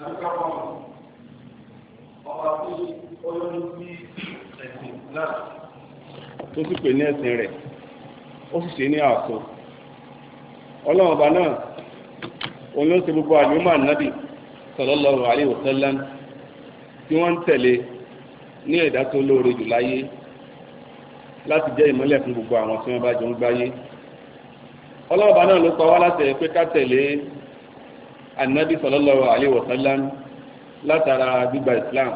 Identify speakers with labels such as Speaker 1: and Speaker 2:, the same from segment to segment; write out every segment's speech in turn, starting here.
Speaker 1: lọ́kọ̀ọ́ ọba tí olórí sí ẹ̀sìn náà tó sì pè ní ẹ̀sìn rẹ̀ ó sì ṣe ní ààtò ọlọ́run ọba náà òun ló ṣe gbogbo àjọmọ́ ànábì sallallahu alaihi wasallam tí wọ́n ń tẹ̀lé ní ẹ̀dá tó lóore jù láyé láti jẹ́ ìmọ́lẹ̀ fún gbogbo àwọn tí wọ́n bá jọ ń gbáyé ọlọ́run ọba náà ló pa wá láti ẹ̀ pé ká tẹ̀lé anabi sallallahu alaihi wa sallam látara gbígba islam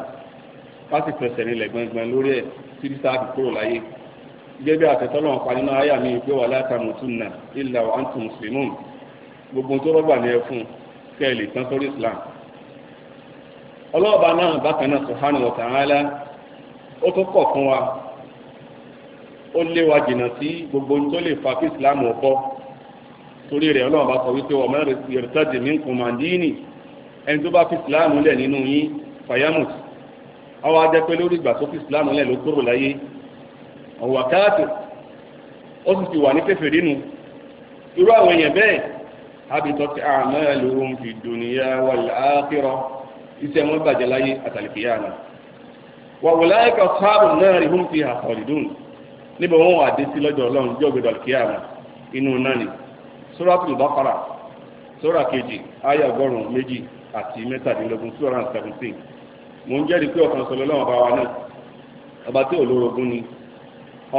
Speaker 1: wọ́n sì fẹsẹ̀ nílẹ̀ gbọ̀ngbọ̀n lórí ẹ̀ títí sáà fi kúrò láyé gẹ́gẹ́ àtẹ̀tọ́lọ́ pa nínú àyà mi pé wà látamutunna illa wa antum muslimun gbogbo tó rọ́bà ní ẹfun kẹ́ ẹ lè tán sórí islam ọlọ́ọ̀bá náà bákan náà subhanahu wa ta'ala ó tún kọ̀ fún wa ó lé jìnnà sí gbogbo tó lè fa kí islam ọkọ́ torí rẹ̀ ọlọ́run bá sọ wípé ọmọ yorùtàdì mí kò máa dín ní ẹni tó bá fi ìsìláàmù lẹ̀ nínú yín fayamut àwọn ajẹ́ pé lórí ìgbà tó fi ìsìláàmù lẹ̀ ló kúrò láyé ọ̀wà káàtó ó sì ti wà ní kẹfẹ́ nínú irú àwọn èèyàn bẹ́ẹ̀ habitọ́tì a'maluhum fi dunya wal akhirah iṣẹ́ wọn bàjẹ́ láyé àtàlìkìyà náà wà wò láyé sáàbù náà rí hùm fi hà sọ̀rìdùn níbo wọn wà dé sí lọ́jọ́ ọlọ́run jọ́gbẹ́dọ̀ àlìkìyà náà inú náà nìyí suratul bakara sura keji aya ọgọ́rùn-ún méjì àti mẹ́tàdínlógún two hundred and seventeen mo ń jẹ́rìí pé ọ̀kan wa náà ọba tí olórogún ni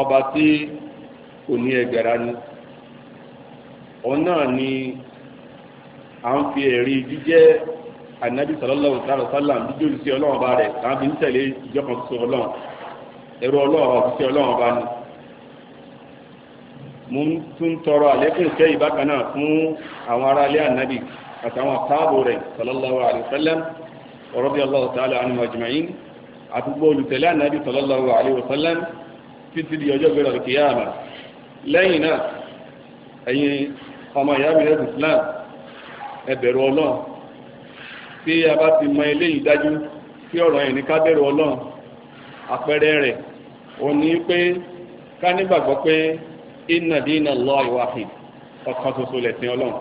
Speaker 1: ọba tí òní ẹgbẹ̀rá ni òun náà ni à ń fi ẹ̀rí jíjẹ́ ànábì sallallahu alaihi wasallam jíjẹ́ olùsí ọlọ́wọ́ bá rẹ̀ kàn fi ń tẹ̀lé ìjọkan mo ń tún tọrọ àlékún ìfẹ́ yìí bákan náà fún àwọn ará ilé ànábì àtàwọn àtààbò rẹ̀ sallallahu alayhi wa sallam wa radiyallahu ta'ala anhum ajma'in àtúgbò olùtẹ̀lé ànábì sallallahu alayhi wa sallam títí di ọjọ́ gbéra al-qiyamah lẹ́yìn náà ẹ̀yin ọmọ ìyá mi lẹ́sìn Islam ẹ bẹ̀rù Ọlọ́run tí a bá ti mọ inna dina Allahi wahid iwahi ṣoṣo lẹ̀sìn ọlọ́run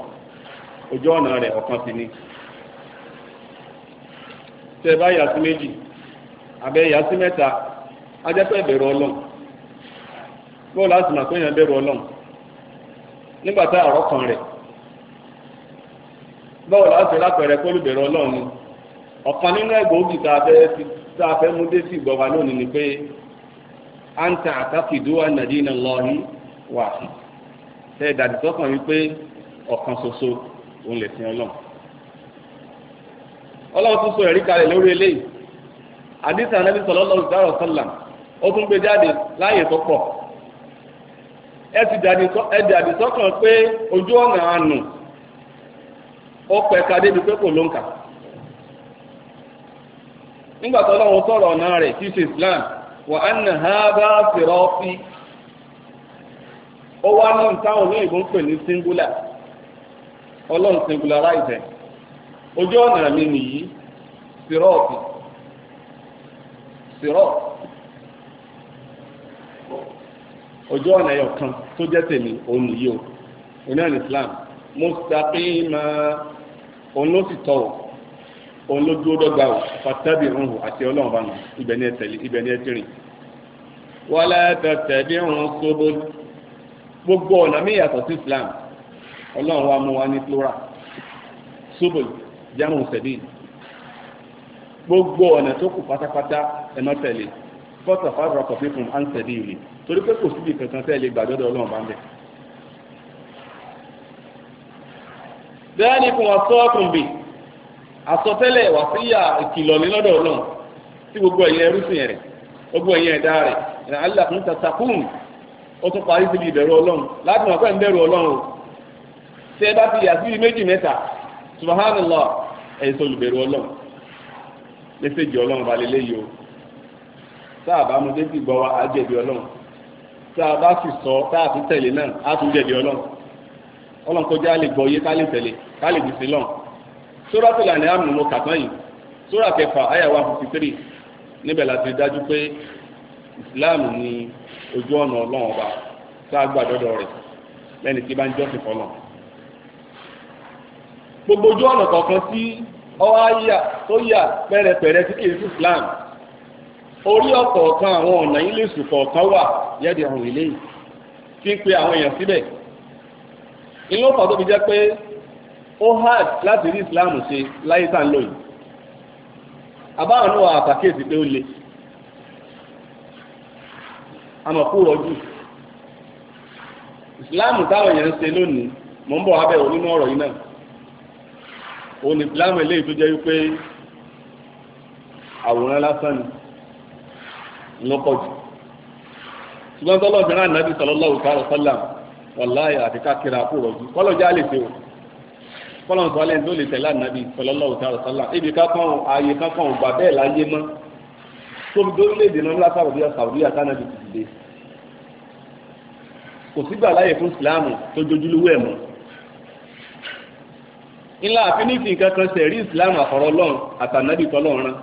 Speaker 1: ojú ọ̀nà rẹ̀ ọ̀kan ni. tẹ bá yà méjì àbẹ yà mẹ́ta ajẹ́pẹ́ bẹ̀rù ọlọ́run bó láti mà pé èèyàn bẹ̀rù ọlọ́run nígbà tá àrọ́ kan rẹ̀ báwo láti lápẹ̀rẹ̀ kó ọlọ́run ni ọ̀kan nínú ẹ̀gbọ́n tá a fẹ́ mú dé sí ìgbọ̀wá lónìí ni pé anta wà tẹ ìdàdí sọ́kàn wípé ọ̀kan ṣoṣo òun lè sin ọlọ́run ọlọ́run tún sọ ẹ̀rí kalẹ̀ lórí eléyìí àdìsí ànábì sallallahu alaihi ó tún gbé jáde láàyè tó pọ̀ ẹ ti dàdí sọ́kàn pé ojú ọ̀nà àánú ó pẹ̀ka débi pé kò ló ń rẹ̀ ṣe Islam wa anna hadha sirati ó wá lọ́n táwọn olóyìnbó ń pè ní singular ọlọ́run singularize ojú ọ̀nà mi nìyí sírọ́ọ̀tì sírọ́ọ̀tì ojú ọ̀nà ẹ̀yọ̀ kan tó jẹ́ tèmi òun nìyí o oní ọ̀nà Islam mustaqima òun ló sì tọ̀ òun ló dúró dọ́gba o fatabi àti ọlọ́run bá mi ibẹ̀ ni ẹ tẹ̀lé ni ẹ gbogbo ọ̀nà mi yàtọ̀ sí islam ọlọ́run wa mú wa ní plural subul jamu sabil gbogbo ọ̀nà tó kù pátápátá ẹ má tẹ̀lé fọ́tà fàdúrà kọ̀fí fún ansẹ̀dí ìlú torí pé kò síbi kankan tẹ̀lé gbàdọ́dọ̀ ọlọ́run bá ń bẹ̀. bẹ́ẹ̀ ni fún asọ́ọ̀tún bì àsọtẹ́lẹ̀ wà síyà ìkìlọ̀ ní lọ́dọ̀ ọlọ́run tí gbogbo ẹ̀yìn ẹrú rẹ̀ gbogbo ẹ̀yìn ẹ̀dá rẹ̀ ẹ̀ ó tún parí síbi ìbẹ̀rù ọlọ́run láti mọ̀ pé ń bẹ̀rù ọlọ́run tí ẹ bá fi yà síbi méjì mẹ́ta subhanallah ẹ̀yin tó lùbẹ̀rù ọlọ́run mẹ́sẹ̀jì ọlọ́run balẹ̀ léyìí o tá a bá mu dé sí gbọ́ wa á jẹ̀bi ọlọ́run tá a bá sì sọ tá a tún tẹ̀lé náà á tún jẹ̀bi ọlọ́run ọlọ́run kọjá lè gbọ́ yé ká lè tẹ̀lé ká lè dì sí lọ́n sóràtò làní àmì mo kà tán yìí sórà kẹfà àyà one islam ní ojú ọ̀nà ọlọ́run ọba tá a gbà dọ́dọ̀ rẹ̀ lẹ́ni tí bá ń jọ́sìn fọlọ́ gbogbo ojú ọ̀nà kọ̀ọ̀kan tí ọ̀háyà tó yà pẹ́rẹpẹ̀rẹ tí kìí sí islam orí ọ̀kọ̀ọ̀kan àwọn ọ̀nà yìí lè sùn wà yẹ́dì ọ̀hún ilé yìí tí ń pe àwọn èèyàn síbẹ̀ inú ọ̀pọ̀ tó fi jẹ́ pé ó hard láti rí islam ṣe láyé tá à ń lò yìí àbáwọn náà àtàkéèsì pé ó le amọ̀kúrọ̀ jù ìsìláàmù táwọn èèyàn ń ṣe lónìí mò ń bọ̀ abẹ́ onínú ọ̀rọ̀ yìí náà òun ni ìsìláàmù eléyìí tó jẹ́ wípé àwòrán lásán ni lọ́pọ̀ jù ṣùgbọ́n tọ́lọ́ obìnrin ànábì sallallahu ta'ala sallam wàláyé àti káàkiri àkúrọ̀ jù kọ́lọ̀ já lè ṣe o kọ́lọ̀ sọ́lẹ̀ tó lè tẹ̀lé tóbi tó lè dènà ńlá sàwùdíyà sàwùdíyà tánàbí ti dìde kò sígbà láyè fún ìsìláàmù tó jojúlówó ẹ̀ mọ́ ńlá àfinítì nǹkan kan sẹ̀rí ìsìláàmù àfọ̀rọ̀ ọlọ́run àtànábì tọ́lọ́run rán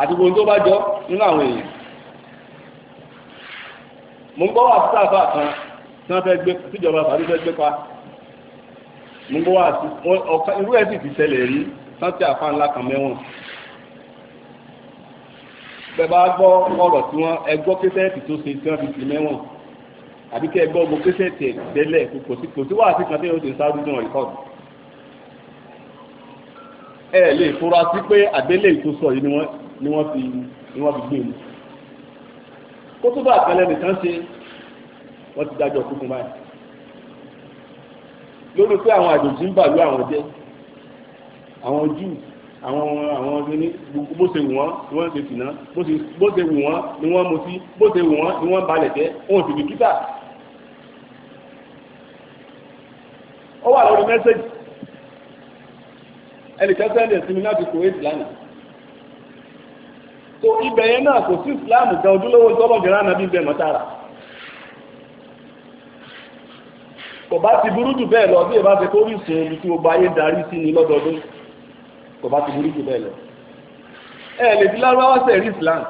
Speaker 1: àti gbogbo tó bá jọ nínú àwọn èèyàn mo ń gbọ́ wà sí àbá kan tí wọ́n fẹ́ gbé tíjọba àbájú fẹ́ gbé pa mo ń gbọ́ wà sí irú ẹ̀ sì ti ṣẹlẹ̀ rí sáńtì àfa ńlá kan mẹ́wọ̀n bẹ́ẹ̀ bá gbọ́ ọ̀rọ̀ tí wọ́n ẹgbọ́ kẹsẹ́ẹ̀tì tó ṣe tí wọ́n fi tì mẹ́wọ̀n àbí kẹ́ ẹgbọ́ gbogbo kẹsẹ́ẹ̀tì tẹ́lẹ̀ kò sí kò sí wàásù kan tẹ́yọ̀ ṣe sáré náà rìkọ́ọ̀dù. ẹ lè fura sí pé àgbélé tó sọ yìí ni wọ́n fi ni wọ́n fi gbé mu. E. kó tó bá àtẹlẹ nìkan ṣe wọ́n ti dájọ́ kúkú báyìí. lórí pé àwọn àjòjì ń bàlú àwọn jẹ́ àwọn Júù àwọn àwọn ọdún ní bó ṣe wù wọ́n ni wọ́n ṣe sìnà bó ṣe wù wọ́n ni wọ́n mutí bó ṣe wù wọ́n ni wọ́n balẹ̀ jẹ́ wọn ò sì bìkítà. ó wà lórí mẹ́sẹ̀gì ẹnìkan sẹ́ndẹ̀ sí mi láti kò éjì lánàá. tó ibẹ̀ yẹn náà kò sí ìsìláàmù gan ojúlówó gbọ́mọ̀gẹ̀rẹ́ ànábì bẹ́ẹ̀ mọ́tàrà. kò bá ti burú jù bẹ́ẹ̀ lọ bí ìbá ṣe kórìsùn omi tí gbogbo ayé darí sí ni lọ́dọọdún kò bá ti burú jù bẹ́ẹ̀ lọ. ẹ lè fi lárúbáwá sẹ̀rí islam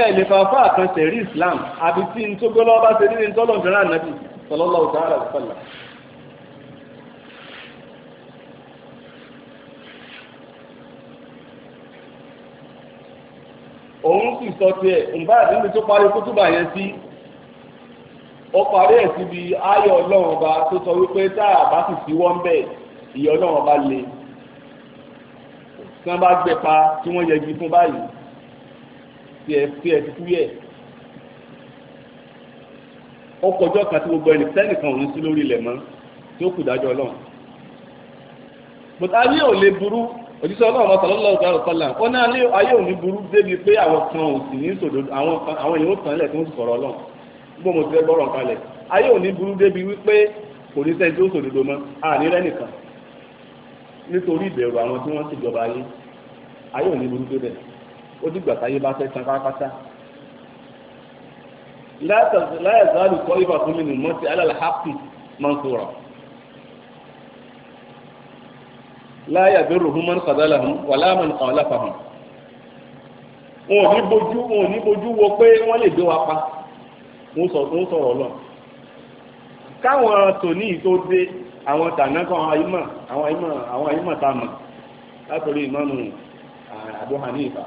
Speaker 1: ẹ lè fa afá kan sẹ̀rí islam àbí tí n tó gbé lọ́wọ́ bá ṣe nínú tọ́lọ̀ ìfẹ́ràn nàbì sallallahu ta'ala wa sallam. òun sì sọ tiẹ̀ ǹbá àdínlẹ̀ tó parí kútùbà yẹn sí ó parí ẹ̀ síbi ayọ̀ ọlọ́run ọba tó sọ wípé tá a bá sì síwọ́ ń bẹ̀ ìyọ̀ ọlọ́run ọba le tí wọ́n bá gbẹ pa tí wọ́n yẹgi fún báyìí tí ẹ fi ẹ ti kú yẹ ó kọjọ́ kan tí gbogbo ẹni sẹ́nìkan ò ní sí lórí ilẹ̀ mọ́ tí ó kù dájọ́ ọlọ́run bùtà ayé ò lè burú òjíṣẹ́ ọlọ́run ọ̀sán lọ́lọ́ ọ̀gá ọ̀sánlá ó ní alẹ́ ayé òní burú débi pé àwọn kan ò sì ní sòdò àwọn àwọn èèyàn kan lẹ̀ tó ń sọ̀rọ̀ ọlọ́run gbọ́n mo ti rẹ́ gbọ́rọ̀ kalẹ̀ ayé òní burú débi wípé kò ní sẹ́ni tó sòdòdó mọ́ àní rẹ́nìkan nítorí ìbẹ̀rù àwọn tí wọ́n ṣèjọba yín ayé ò ní burúkú bẹ̀ ó dìgbà táyé bá fẹ́ tán pátápátá. láyà záàlù kọ́ ibà fún mi nù mọ́tì alálàápì máa ń sọ̀rọ̀ láyà bẹ̀rù human kàdálà hàn wà láàmà nìkan ọ̀làpà hàn. wọn ò ní bojú wọn ò ní bojú wo pé wọ́n lè gbé wa pa wọ́n sọ̀rọ̀ lọ. káwọn tòní tó dé àwọn tànákọ̀ àwọn àyímọ̀ àwọn àyímọ̀ àwọn àyímọ̀ tá a mọ̀ látòrí ìmáàmù Abu Hanifa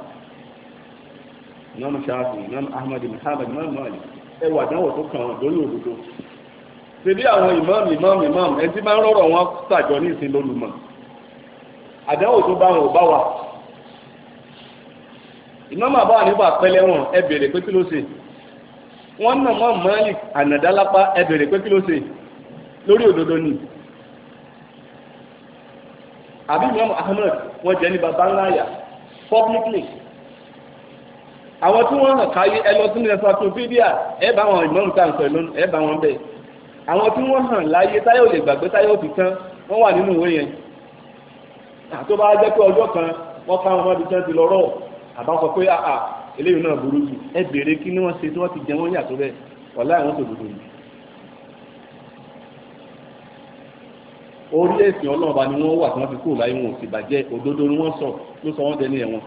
Speaker 1: ìmáàmù Shafi ìmáàmù Ahmad Muhammad ìmáàmù Malik ẹwà àdánwò tó kàn án lórí òdodo ṣebí àwọn ìmáàmù ìmáàmù ìmáàmù ẹni tí máa ń rọrọ̀ wọn sàjọ ní ìsìn lólùmọ̀ àdánwò tó bá wọn ò bá wà ìmáàmù Abu Hanifa pẹ́lẹ́ wọn ẹ bèrè pé kí ló ṣe wọ́n nà mọ́ Malik ànàdálápá ẹ bèrè pé àbí Imam Ahmed wọ́n jẹ́ ní baba ńlá yà publicly àwọn tí wọ́n hàn káyé ẹ lọ sínú encyclopedia ẹ bá wọn Imam tá à ń sọ lónìí ẹ bá wọn bẹ́ẹ̀ àwọn tí wọ́n hàn láyé táyà ò lè gbàgbé táyà ò fi tán wọ́n wà nínú ìwé yẹn àtó bá jẹ́ pé ọjọ́ kan wọ́n ká wọn bí sẹ́ńtì lọ́rọ̀ àbá sọ pé àà eléyìí náà burú jù ẹ béèrè kí ni wọ́n ṣe tí wọ́n ti jẹ wọ́n yà tó bẹ́ẹ̀ wọ́n láì tó dòdò yìí orí ẹ̀sìn ọlọ́run bá ni wọ́n wà tí wọ́n fi kúrò láyé wọn ò sì bàjẹ́ òdodo ni wọ́n sọ ló sọ wọ́n dẹni ẹ̀wọ̀n.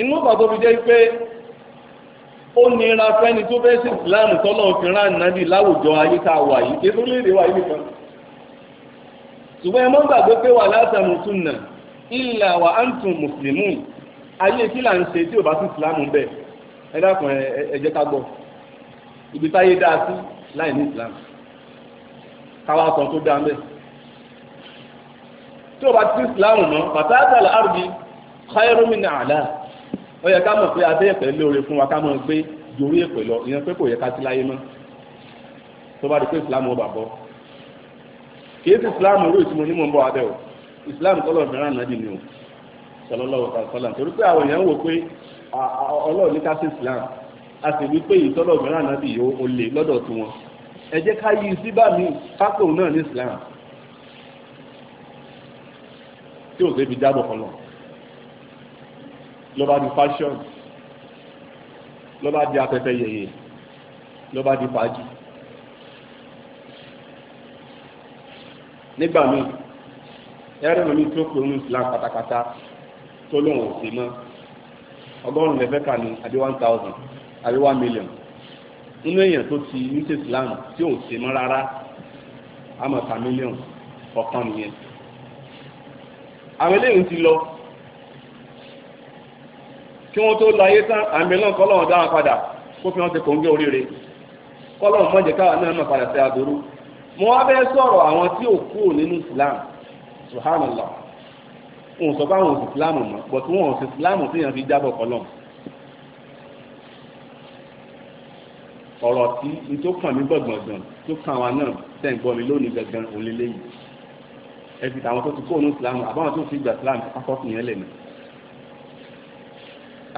Speaker 1: inú bàbá mi jẹ́ pé ó nira fẹ́ni tó fẹ́ sí ìsìláàmù tọ́lọ́run fi rán nàbì láwùjọ ayé tá a wà yìí kí lórílẹ̀-èdè wa yìí nìkan. ṣùgbọ́n ẹ mọ́ gbàgbé pé wà látàmùtúnà ìlà wà áǹtùn mùsùlùmí ayé kí là ń ṣe tí ò bá sí ìsìláàmù bẹ́ẹ̀ ẹ dákun ẹ jẹ́ ká gbọ́ ibi táyé dáa sí láì ní islam káwá sọ tó dáa mẹ́ẹ̀. tí o bá ti islam mọ́ bàtà àtàlà àrùbí káyọ̀rọ̀mì náà àlá ó yẹ ká mọ̀ pé adé ẹ̀pẹ̀ lóore fún wa ká mọ̀ pé jorí ẹ̀pẹ̀ lọ ìyẹn pé kò yẹ ká sí láyé mọ́ tó bá di pé islam ó bà bọ́ kìí sí islam rú ìtumọ̀ onímọ̀ ń bọ̀ abẹ́ o islam kọ́lọ̀ mìíràn náà dì ní o sọlọ́lọ́wọ́ sọlọ́lọ́ torí pé àwọn èèyàn wò pé ọlọ́ọ̀ ní ká sí islam a sì wí pé ìtọ́lọ̀ mìíràn nábì yóò ó lè lọ́dọ̀ tí wọn ẹ jẹ́ ká yí síbà mí pákó náà ní Islam tí ò débi dábọ̀ kan lọ ló di fashion ló bá di afẹ́fẹ́ yẹ̀yẹ̀ ló bá di fàájì nígbà míì ẹrẹ́nà mi tó pé òun Islam pátápátá tó lóun ò sí mọ́ ọgọ́rùn-ún lẹ́fẹ́ kà ní àbí one thousand àbí one million inú èèyàn tó ti ní ṣe Islam tí ò ṣe mọ́ rárá àmọ́ ta mílíọ̀n ọ̀kan nìyẹn àwọn eléyìí ti lọ kí wọ́n tó lọ ayé tán àmì náà kọ́lọ́wọ́n dáhùn padà kó fi wọ́n ti kòńgẹ́ oríire kọ́lọ́wọ́n mọ̀jẹ̀ káwọn náà náà padà sí aburú mo wá bẹ́ẹ̀ sọ̀rọ̀ àwọn tí ò kúrò nínú Islam subhanallah òun sọ fún àwọn òsì Islam mọ̀ bọ̀tún wọn òsì Islam tí yẹn fi jábọ̀ kọ́lọ́wọ́n. ọ̀rọ̀ tí n tó kàn mí gbọ̀gbọ̀gbọ̀n tó kàn wá náà tẹ̀ ń gbọ́ mi lónìí gangan òun lélẹ́yìí ẹ fi tàwọn tó ti kó òun Islam àbáwọn tó fi gbà Islam akọ́ fi yẹn lẹ̀ nà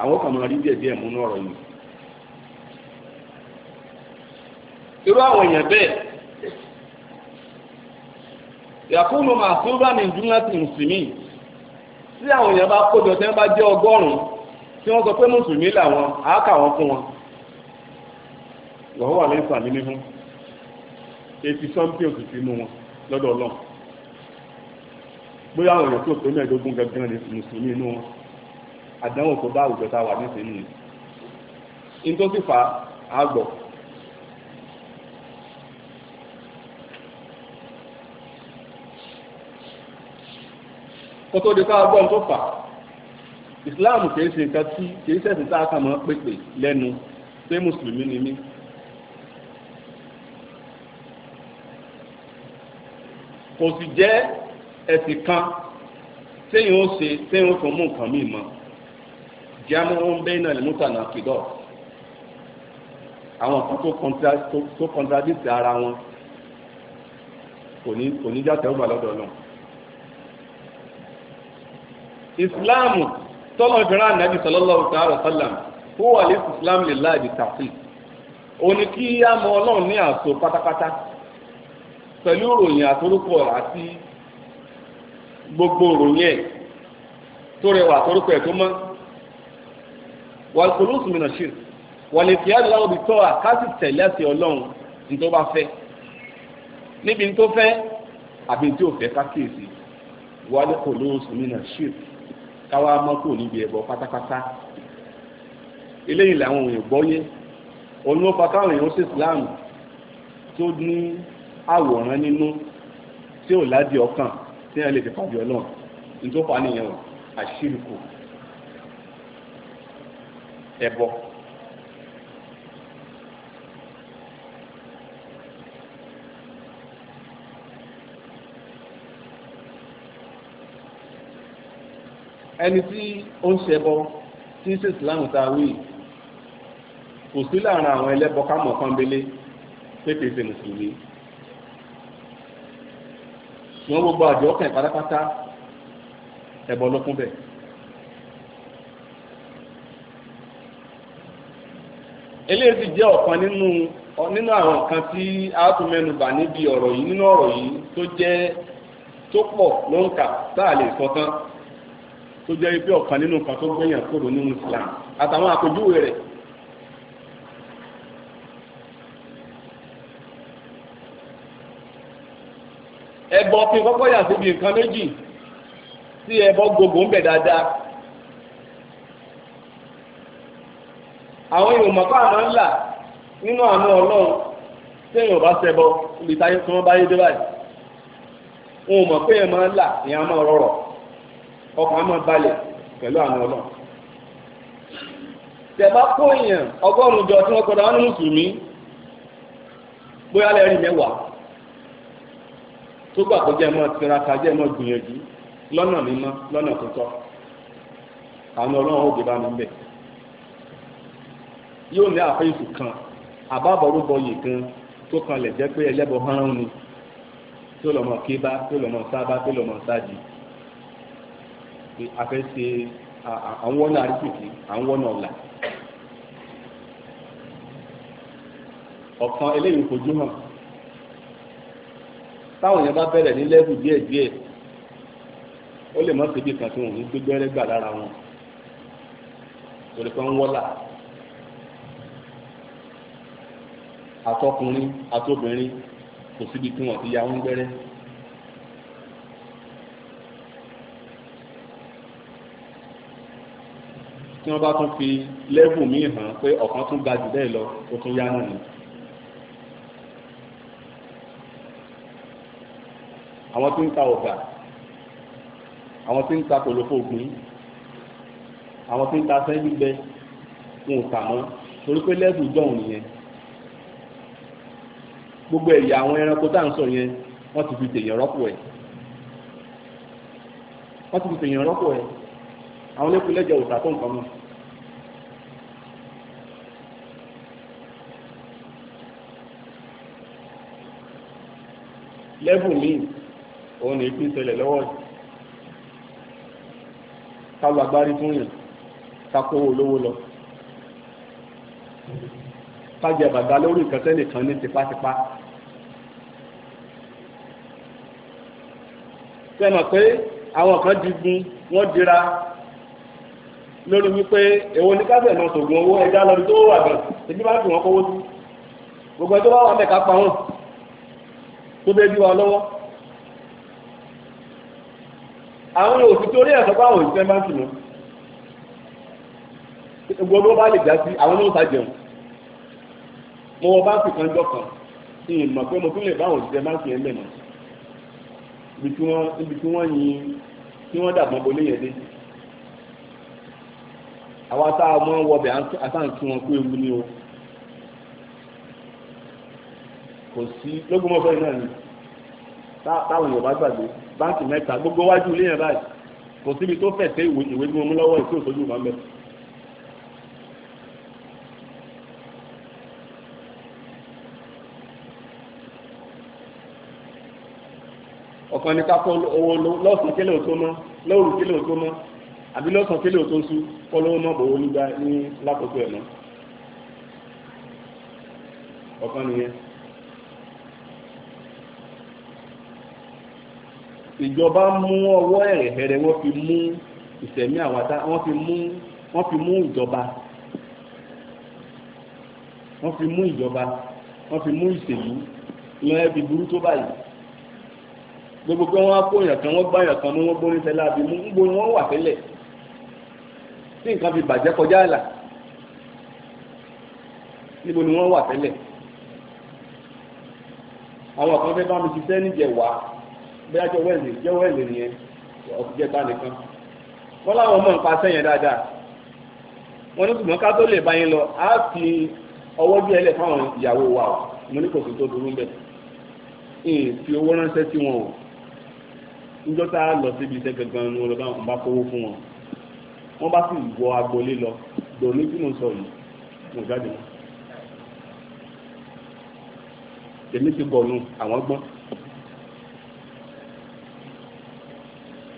Speaker 1: àwọn kan máa rí díẹ̀ díẹ̀ múnú ọ̀rọ̀ yìí. irú àwọn èèyàn bẹ́ẹ̀ yàkúnú máa tún bá ní ìdúná ti mùsùlùmí tí àwọn èèyàn bá kó jọ tí wọ́n bá jẹ́ ọgọ́rùn-ún tí wọ́n sọ pé mùsùlùmí làwọn àákà wọn fún wọn wọ́n wà lẹ́sà ní níhún eighty something oṣù tí mú wọn lọ́dọ̀ ọlọ́run bóyá àwọn èèyàn tó tó mẹ́ẹ̀ẹ́dógún gẹ́gẹ́ ní mùsùlùmí inú wọn àdánwò tó bá àwùjọ tá a wà nísìnyí nìyí in tó fà á gbọ́. kótó di ká gbọ́ tó fà Islam kìí ṣe nǹkan tí kìí ṣẹ̀sìn tá a kà mọ́ pèpè lẹ́nu pé mùsùlùmí ni mí kò sì jẹ́ ẹ̀sìn kan téèyàn ó ṣe téèyàn ó tún mú nǹkan míì mọ́ jamuhun bẹ́ẹ̀nà lẹ́mútànà kìdọ̀ àwọn kan tó kọ́ntradìtì ara wọn kò ní jáde ọgbà lọ́dọ̀ náà ìsìláàmù tọ́lọ̀ ìfẹ́ràn nàbì sallallahu ta'ala sallam huwa al-islam lillahi bi tawfiq òní kí á mọ ọlọ́run ní àṣọ pátápátá pẹ̀lú ìròyìn àtorúkọ àti gbogbo ìròyìn ẹ̀ tó rẹwà àtorúkọ ẹ̀ tó mọ́ wàlùkòlóòsù mìíràn ṣì wàlè tí a lọ́wọ́ bí tọ́ àkáàtì tẹ̀lé àti ọlọ́run ní tó bá fẹ́ níbi tó fẹ́ àbí tí ò fẹ́ kákìsì wàlùkòlóòsù mìíràn ṣì káwá mọ́tò níbi ẹ̀bọ pátápátá eléyìí làwọn èèyàn gbọ́yé òun káwọn èèyàn ṣe Islam tó ní àwòrán nínú tí ò ládìí ọkàn tí wọ́n lè fi pàdé ọlọ́run ní tó fà nìyẹn àṣírìkù ẹ̀bọ. ẹni tí ó ń ṣẹbọ tí ń ṣe ìsìláàmù tá wí kò sí láàrin àwọn ẹlẹ́bọ ká mọ̀ kánbélé pépèsè mùsùlùmí wọn gbogbo àjọ ọkàn pátápátá ẹ̀bọ ló kún eléyìí ti ọ̀kan nínú nínú àwọn nǹkan tí a bà níbi ọrọ yìí nínú ọrọ yìí tó jẹ tó pọ ló ń kà tá a lè sọ ọ̀kan nínú tó kúrò nínú Islam àtàwọn àpèjúwe ẹbọ fi kọ́kọ́ yà síbi nǹkan méjì tí ẹbọ gbogbo ń bẹ dáadáa. àwọn èèyàn mọ̀ká àná ńlá nínú àánú ọlọ́run téèyàn bá ṣẹbọ ibi táyé tí wọ́n bá yé dé báyìí. wọn ò mọ̀ pé èèyàn máa ńlá èèyàn máa rọrọ̀ ọkàn máa balẹ̀ pẹ̀lú àánú ọlọ́run. tẹ̀bá kó èèyàn ọgọ́rùn-ún jọ tí wọ́n kọ́ra wọn ní mùsùlùmí bóyá lẹ́rìí mẹ́wàá tó gbà kó jẹ́ mọ́ tiraka jẹ́ mọ́ gbìyànjú lọ́nà mímọ́ lọ́nà tó tọ́ àwọn ọlọ́run òde bá mi bẹ̀. yóò ní àfẹ́yìntì kan àbábọ̀rúbọyè kan tó kanlẹ̀ jẹ́ pé ẹlẹ́bọ̀ hánrán ni tó lọ́mọ kébá tó lọ́mọ sábá tó lọ́mọ sáàjì afẹ́ ṣe àwọn ọ̀nà àrísìkì àwọn ọ̀nà ọ̀la. ọ̀kan eléyìí fojú hàn táwọn èèyàn bá bẹ̀rẹ̀ ní lẹ́bù díẹ̀ díẹ̀ ó lè mọ́ síbi kan tí wọn ò ní gbé gbẹ́rẹ́ gbà lára wọn torí pé ń wọ́là àtọkùnrin àtobìnrin kò síbi tí wọn ti ya wọn gbẹ́rẹ́. tí wọ́n bá tún fi lẹ́bù míì hàn pé ọ̀kan tún ga jù bẹ́ẹ̀ lọ ó tún yá nù ni. àwọn tí ń ta ọ̀gà àwọn tí ń ta kòlófò ògùn àwọn tí ń ta sẹ́yìn gbígbẹ wọn ò tà mọ́ torí pé lẹ́bùn dọ̀hún nìyẹn gbogbo ẹ̀yà àwọn ẹranko tá à ń sọ yẹn wọ́n ti fi tèèyàn rọ́pò ẹ̀ wọ́n ti fi tèèyàn rọ́pò ẹ̀ àwọn onípínlẹ̀jẹ̀ òòtà tó nǹkan mọ́. lẹ́bùn míì òun ní pín ṣẹlẹ̀ lọ́wọ́ kálu agbárí fún yàn kakó olówó lọ kájà bàbá lórí nǹkan tẹ́nìkan ní tipátipá. sẹ́mọ̀ pé àwọn kan digun wọ́n dira lórí wípé èwo ní kábẹ̀ náà sògùn owó ẹ̀dá lọ́dún tó wà gan ebi bá fi wọ́n kówó sí gbogbo ẹ̀ tó bá wà mẹ́ka pa wọ́n tó bẹ́ẹ̀ bí wa lọ́wọ́ àwọn òsì tó rí ẹ̀sọ́ pé àwọn òṣìṣẹ́ máa ń tìmọ̀ gbogbo ọdún bá lè dá sí àwọn náà sàjẹun mo wọ báńkì kan jọ kan ní ìmọ̀ pé mo tún lè bá àwọn òṣìṣẹ́ báńkì yẹn mẹ́mọ̀ ibi tí wọ́n ibi tí wọ́n yin tí wọ́n dàgbọ́n bolé yẹn dé àwa tá a máa ń wọbẹ̀ àtàǹtí wọn kó ewu ni o kò sí lógún mọ́fẹ́ náà ni táwọn Yorùbá gbàgbé báǹkì mẹ́ta gbogbo wájú ilé yẹn báyìí kò síbi tó fẹ̀ sí ìwé ìwé mímú lọ́wọ́ ìtí òṣojú kan bẹ́ẹ̀. ọ̀kan ní ká kọ́ owó lọ́sùn kílẹ̀ òtó mọ́ lóòrù kílẹ̀ òtó mọ́ àbí lọ́sàn kílẹ̀ òtó sú kọ́ lówó mọ́ bòwó nígbà ní lákòókò ẹ̀ náà ọ̀kan nìyẹn. ìjọba mú ọwọ́ ẹ̀rẹ̀hẹ̀rẹ̀ wọ́n fi mú ìsẹ̀mí àwọn àtà wọ́n fi mú wọ́n fi mú ìjọba wọ́n fi mú ìjọba wọ́n fi mú ìṣèlú lọ́yẹ́ fi burú tó báyìí gbogbo pé wọ́n á kó èèyàn kan wọ́n gbá èèyàn kan mú wọ́n gbóni tẹ́lẹ̀ àbí mú ń gbóni wọ́n wà tẹ́lẹ̀ tí nǹkan fi bàjẹ́ kọjá àlà níbo ni wọ́n wà tẹ́lẹ̀ àwọn kan fẹ́ bá mi ṣiṣẹ́ níjẹ̀ wá bí ajọ wẹ́ẹ̀lì jẹ́ wẹ́ẹ̀lì nìyẹn ọ̀sùnjẹta nìkan wọ́n láwọn ọmọ nǹkan sẹ́yìn dáadáa wọ́n ní ṣùgbọ́n ká tó lè bá yín lọ á fi ọwọ́ bí ẹlẹ́ fáwọn ìyàwó wa o mo ní kò sí tó burú bẹ́ẹ̀ ń fi owó ránṣẹ́ sí wọn o níjọ́ tá a lọ síbi iṣẹ́ gangan ni wọ́n lọ bá kówó fún wọn wọ́n bá sì wọ agboolé lọ dòní tí mo sọ yìí mo jáde wọn èmi ti bọ̀ nù àwọn gbọ́n.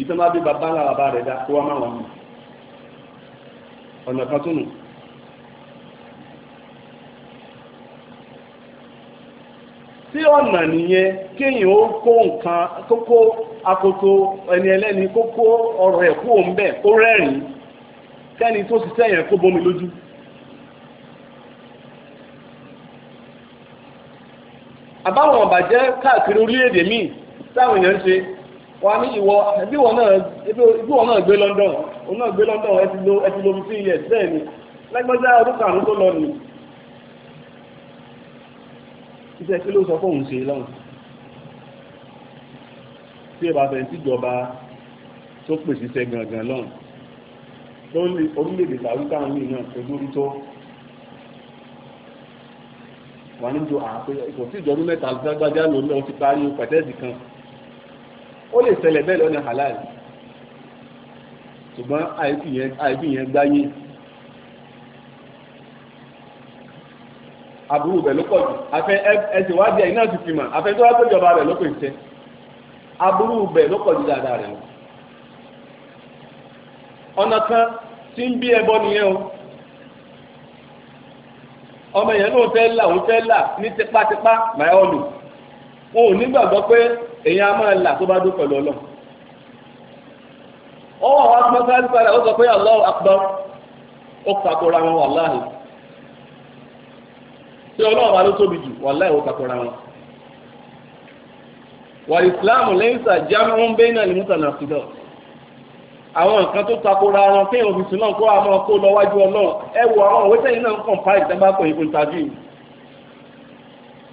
Speaker 1: ìtọ́ máa bí bàbá ńlá bàbá rẹ̀ dá kó wá máa wọn tí ọ̀nà nìyẹn kéèyàn ó kó nǹkan kókó akoto ẹni ẹlẹ́ni kókó ọ̀rọ̀ ẹ̀ kó bẹ̀ kó rẹ́rìn kẹ́ni tó ṣiṣẹ́ yẹn kó bómi lójú. àbáwọn ọ̀bàjẹ́ káàkiri orílẹ̀-èdè míì táwọn èèyàn ń ṣe wọ́n á ní ìwọ ẹbí wọn náà ẹbí wọn náà gbé London òun náà gbé London ẹ ti lo ẹ ti lo fifteen years bẹ́ẹ̀ ni lágbájá ọdún karùn-ún tó lọ nì. iṣẹ́ kí ló sọ fún òun ṣe lọ́hùn tí ẹ bá fẹ́ síjọba tó pèsè iṣẹ́ gangan lọ́hùn lórí orílẹ̀-èdè sàrúkà ní náà tó lórí tó wà níjọ àpẹẹrẹ ìkọ̀tí ìjọdún mẹ́ta lágbájá lòun náà ti parí pẹ̀tẹ́ẹ̀sì kan ó lè ṣẹlẹ̀ bẹ́ẹ̀ lọ́nà halal ṣùgbọ́n àìbí yẹn gbáyé aburú bẹ̀ ló pọ̀ jù afẹ́ ẹsẹ̀ wá díẹ̀ iná ti fi mà afẹ́ tó wá pé ìjọba rẹ̀ ló pè ṣe aburú bẹ̀ ló pọ̀ jù dáadáa rẹ̀ ọ̀nà kan tí ń bí ẹbọ nìyẹn o ọmọ yẹn náà fẹ́ là òun fẹ́ là ní tipátipá máa ọ̀nù wọn ò nígbàgbọ́ pé èyàn á máa là tó bá dún pẹ̀lú ọlọ́run ọwọ́ àwọn akọ́sáàlì padà ó sọ pé Allahu Akbar ó kakora wọn wàláhì tí ọlọ́run wa ló tóbi jù wàláhì ó kakora wọn. wàlí islam laysa jam'un bayna al-mutanaqida àwọn nǹkan tó takora wọn pé òfìsì náà kó àwọn kó lọ wájú ọlọ́run ẹ wo àwọn òwe sẹ́yìn náà ń kàn páì tẹ́ bá pè tàbí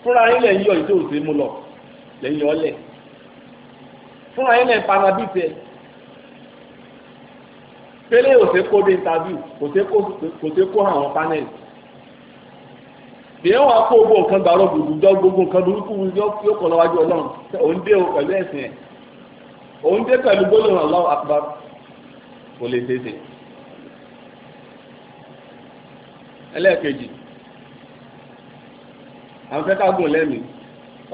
Speaker 1: fúnra yín lẹ́yìn yọ ìdóòsè mú lọ lẹ́yìn ọlẹ́ fúnra yín lẹ́yìn panabi tẹ pélé ò sé kó dé interview kò sé kó kò sé kó àwọn panel bìyẹn wà kó gbogbo nǹkan gbàrọ gbogbo gbogbo nǹkan burúkú yóò kọ lọ́wájú ọlọ́run òun dé o pẹ̀lú ẹ̀sìn ẹ̀ òun dé pẹ̀lú gbólóhùn Allahu Akbar kò lè tètè. ẹlẹ́ẹ̀kejì àwọn fẹ́ ká gùn lẹ́mìí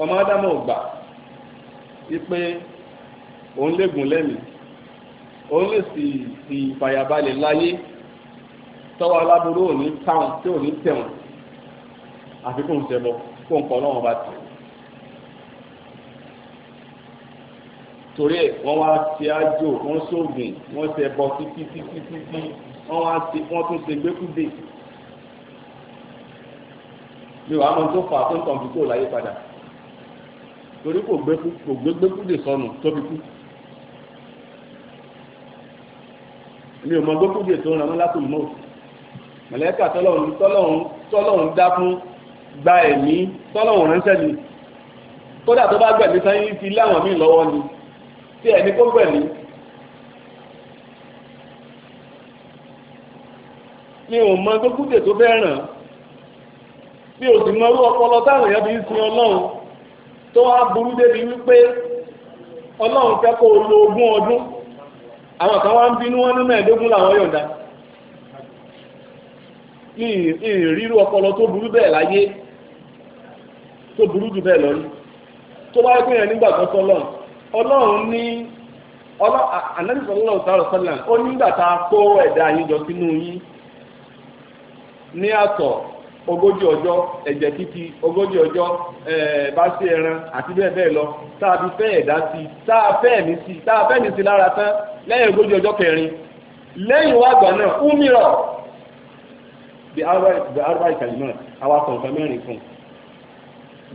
Speaker 1: ọmọ ádámọ̀ ò gbà wípé òun lẹ́gùn lẹ́mìí òun lè sì sì ìfàyàbalẹ̀ láyé tọ́wọ́ aláboró ò ní táwọn tí ò ní tẹ̀wọ̀n àfi kò ń ṣẹbọ kó ń kọ́ lọ́wọ́n bá tẹ̀. torí ẹ̀ wọ́n wá ṣe àjò wọ́n ṣoògùn wọ́n ṣe ẹbọ títí títí títí wọ́n wá ṣe wọ́n tún ṣe gbẹ́kúdè.
Speaker 2: mi wàá mọ tó fà á tó ń tàn fi kó
Speaker 1: láyé padà torí kò gbẹ́kúdè sọnù tó fi kú. mi ò mọ gbókùdì ètò ìrànlọ́ mọ́lákùn mọ́ mọ̀lẹ́kà tọ́lọ́run tọ́lọ́run tọ́lọ́run dá fún gba ẹ̀mí tọ́lọ́run ránṣẹ́ ni kódà tó bá gbẹ̀mí tán yín ti láwọn míì lọ́wọ́ ni tí ẹni kó gbẹ̀mí mi ò mọ gbókùdì ètò fẹ́ ràn mi ò sì mọ irú ọpọlọ táwọn èèyàn fi ń sin ọlọ́run tó wá burú débi wípé ọlọ́run fẹ́ kó o lo ogún ọdún àwọn kan wá ń bínú wọn ní mẹ́ẹ̀ẹ́dógún làwọn yọ̀ǹda ìrírú ọpọlọ tó burú bẹ́ẹ̀ láyé tó burú jù bẹ́ẹ̀ lọ́rí tó wáyé pé yẹn nígbà kan sọlọ́n ọlọ́run ní anẹ́sọ̀lọ́run sọ̀rọ̀ sọ́làn ó nígbà tá a kó ẹ̀dá yín jọ sínú yín ní àtọ̀ ogójì ọjọ́ ẹ̀jẹ̀ títí ogójì ọjọ́ bá ṣe ẹran àti bẹ́ẹ̀ bẹ́ẹ̀ lọ tá a fi fẹ́ ẹ̀dá sí i tá a fẹ́ ẹ̀mí sí i tá a fẹ́ ẹ̀mí sí i lára tán lẹ́yìn ogójì ọjọ́ kẹrin lẹ́yìn wá gbọ̀n náà ó mìíràn the arba ìkàlìmọ̀ àwa kọ̀ọ̀kan mẹ́rin fún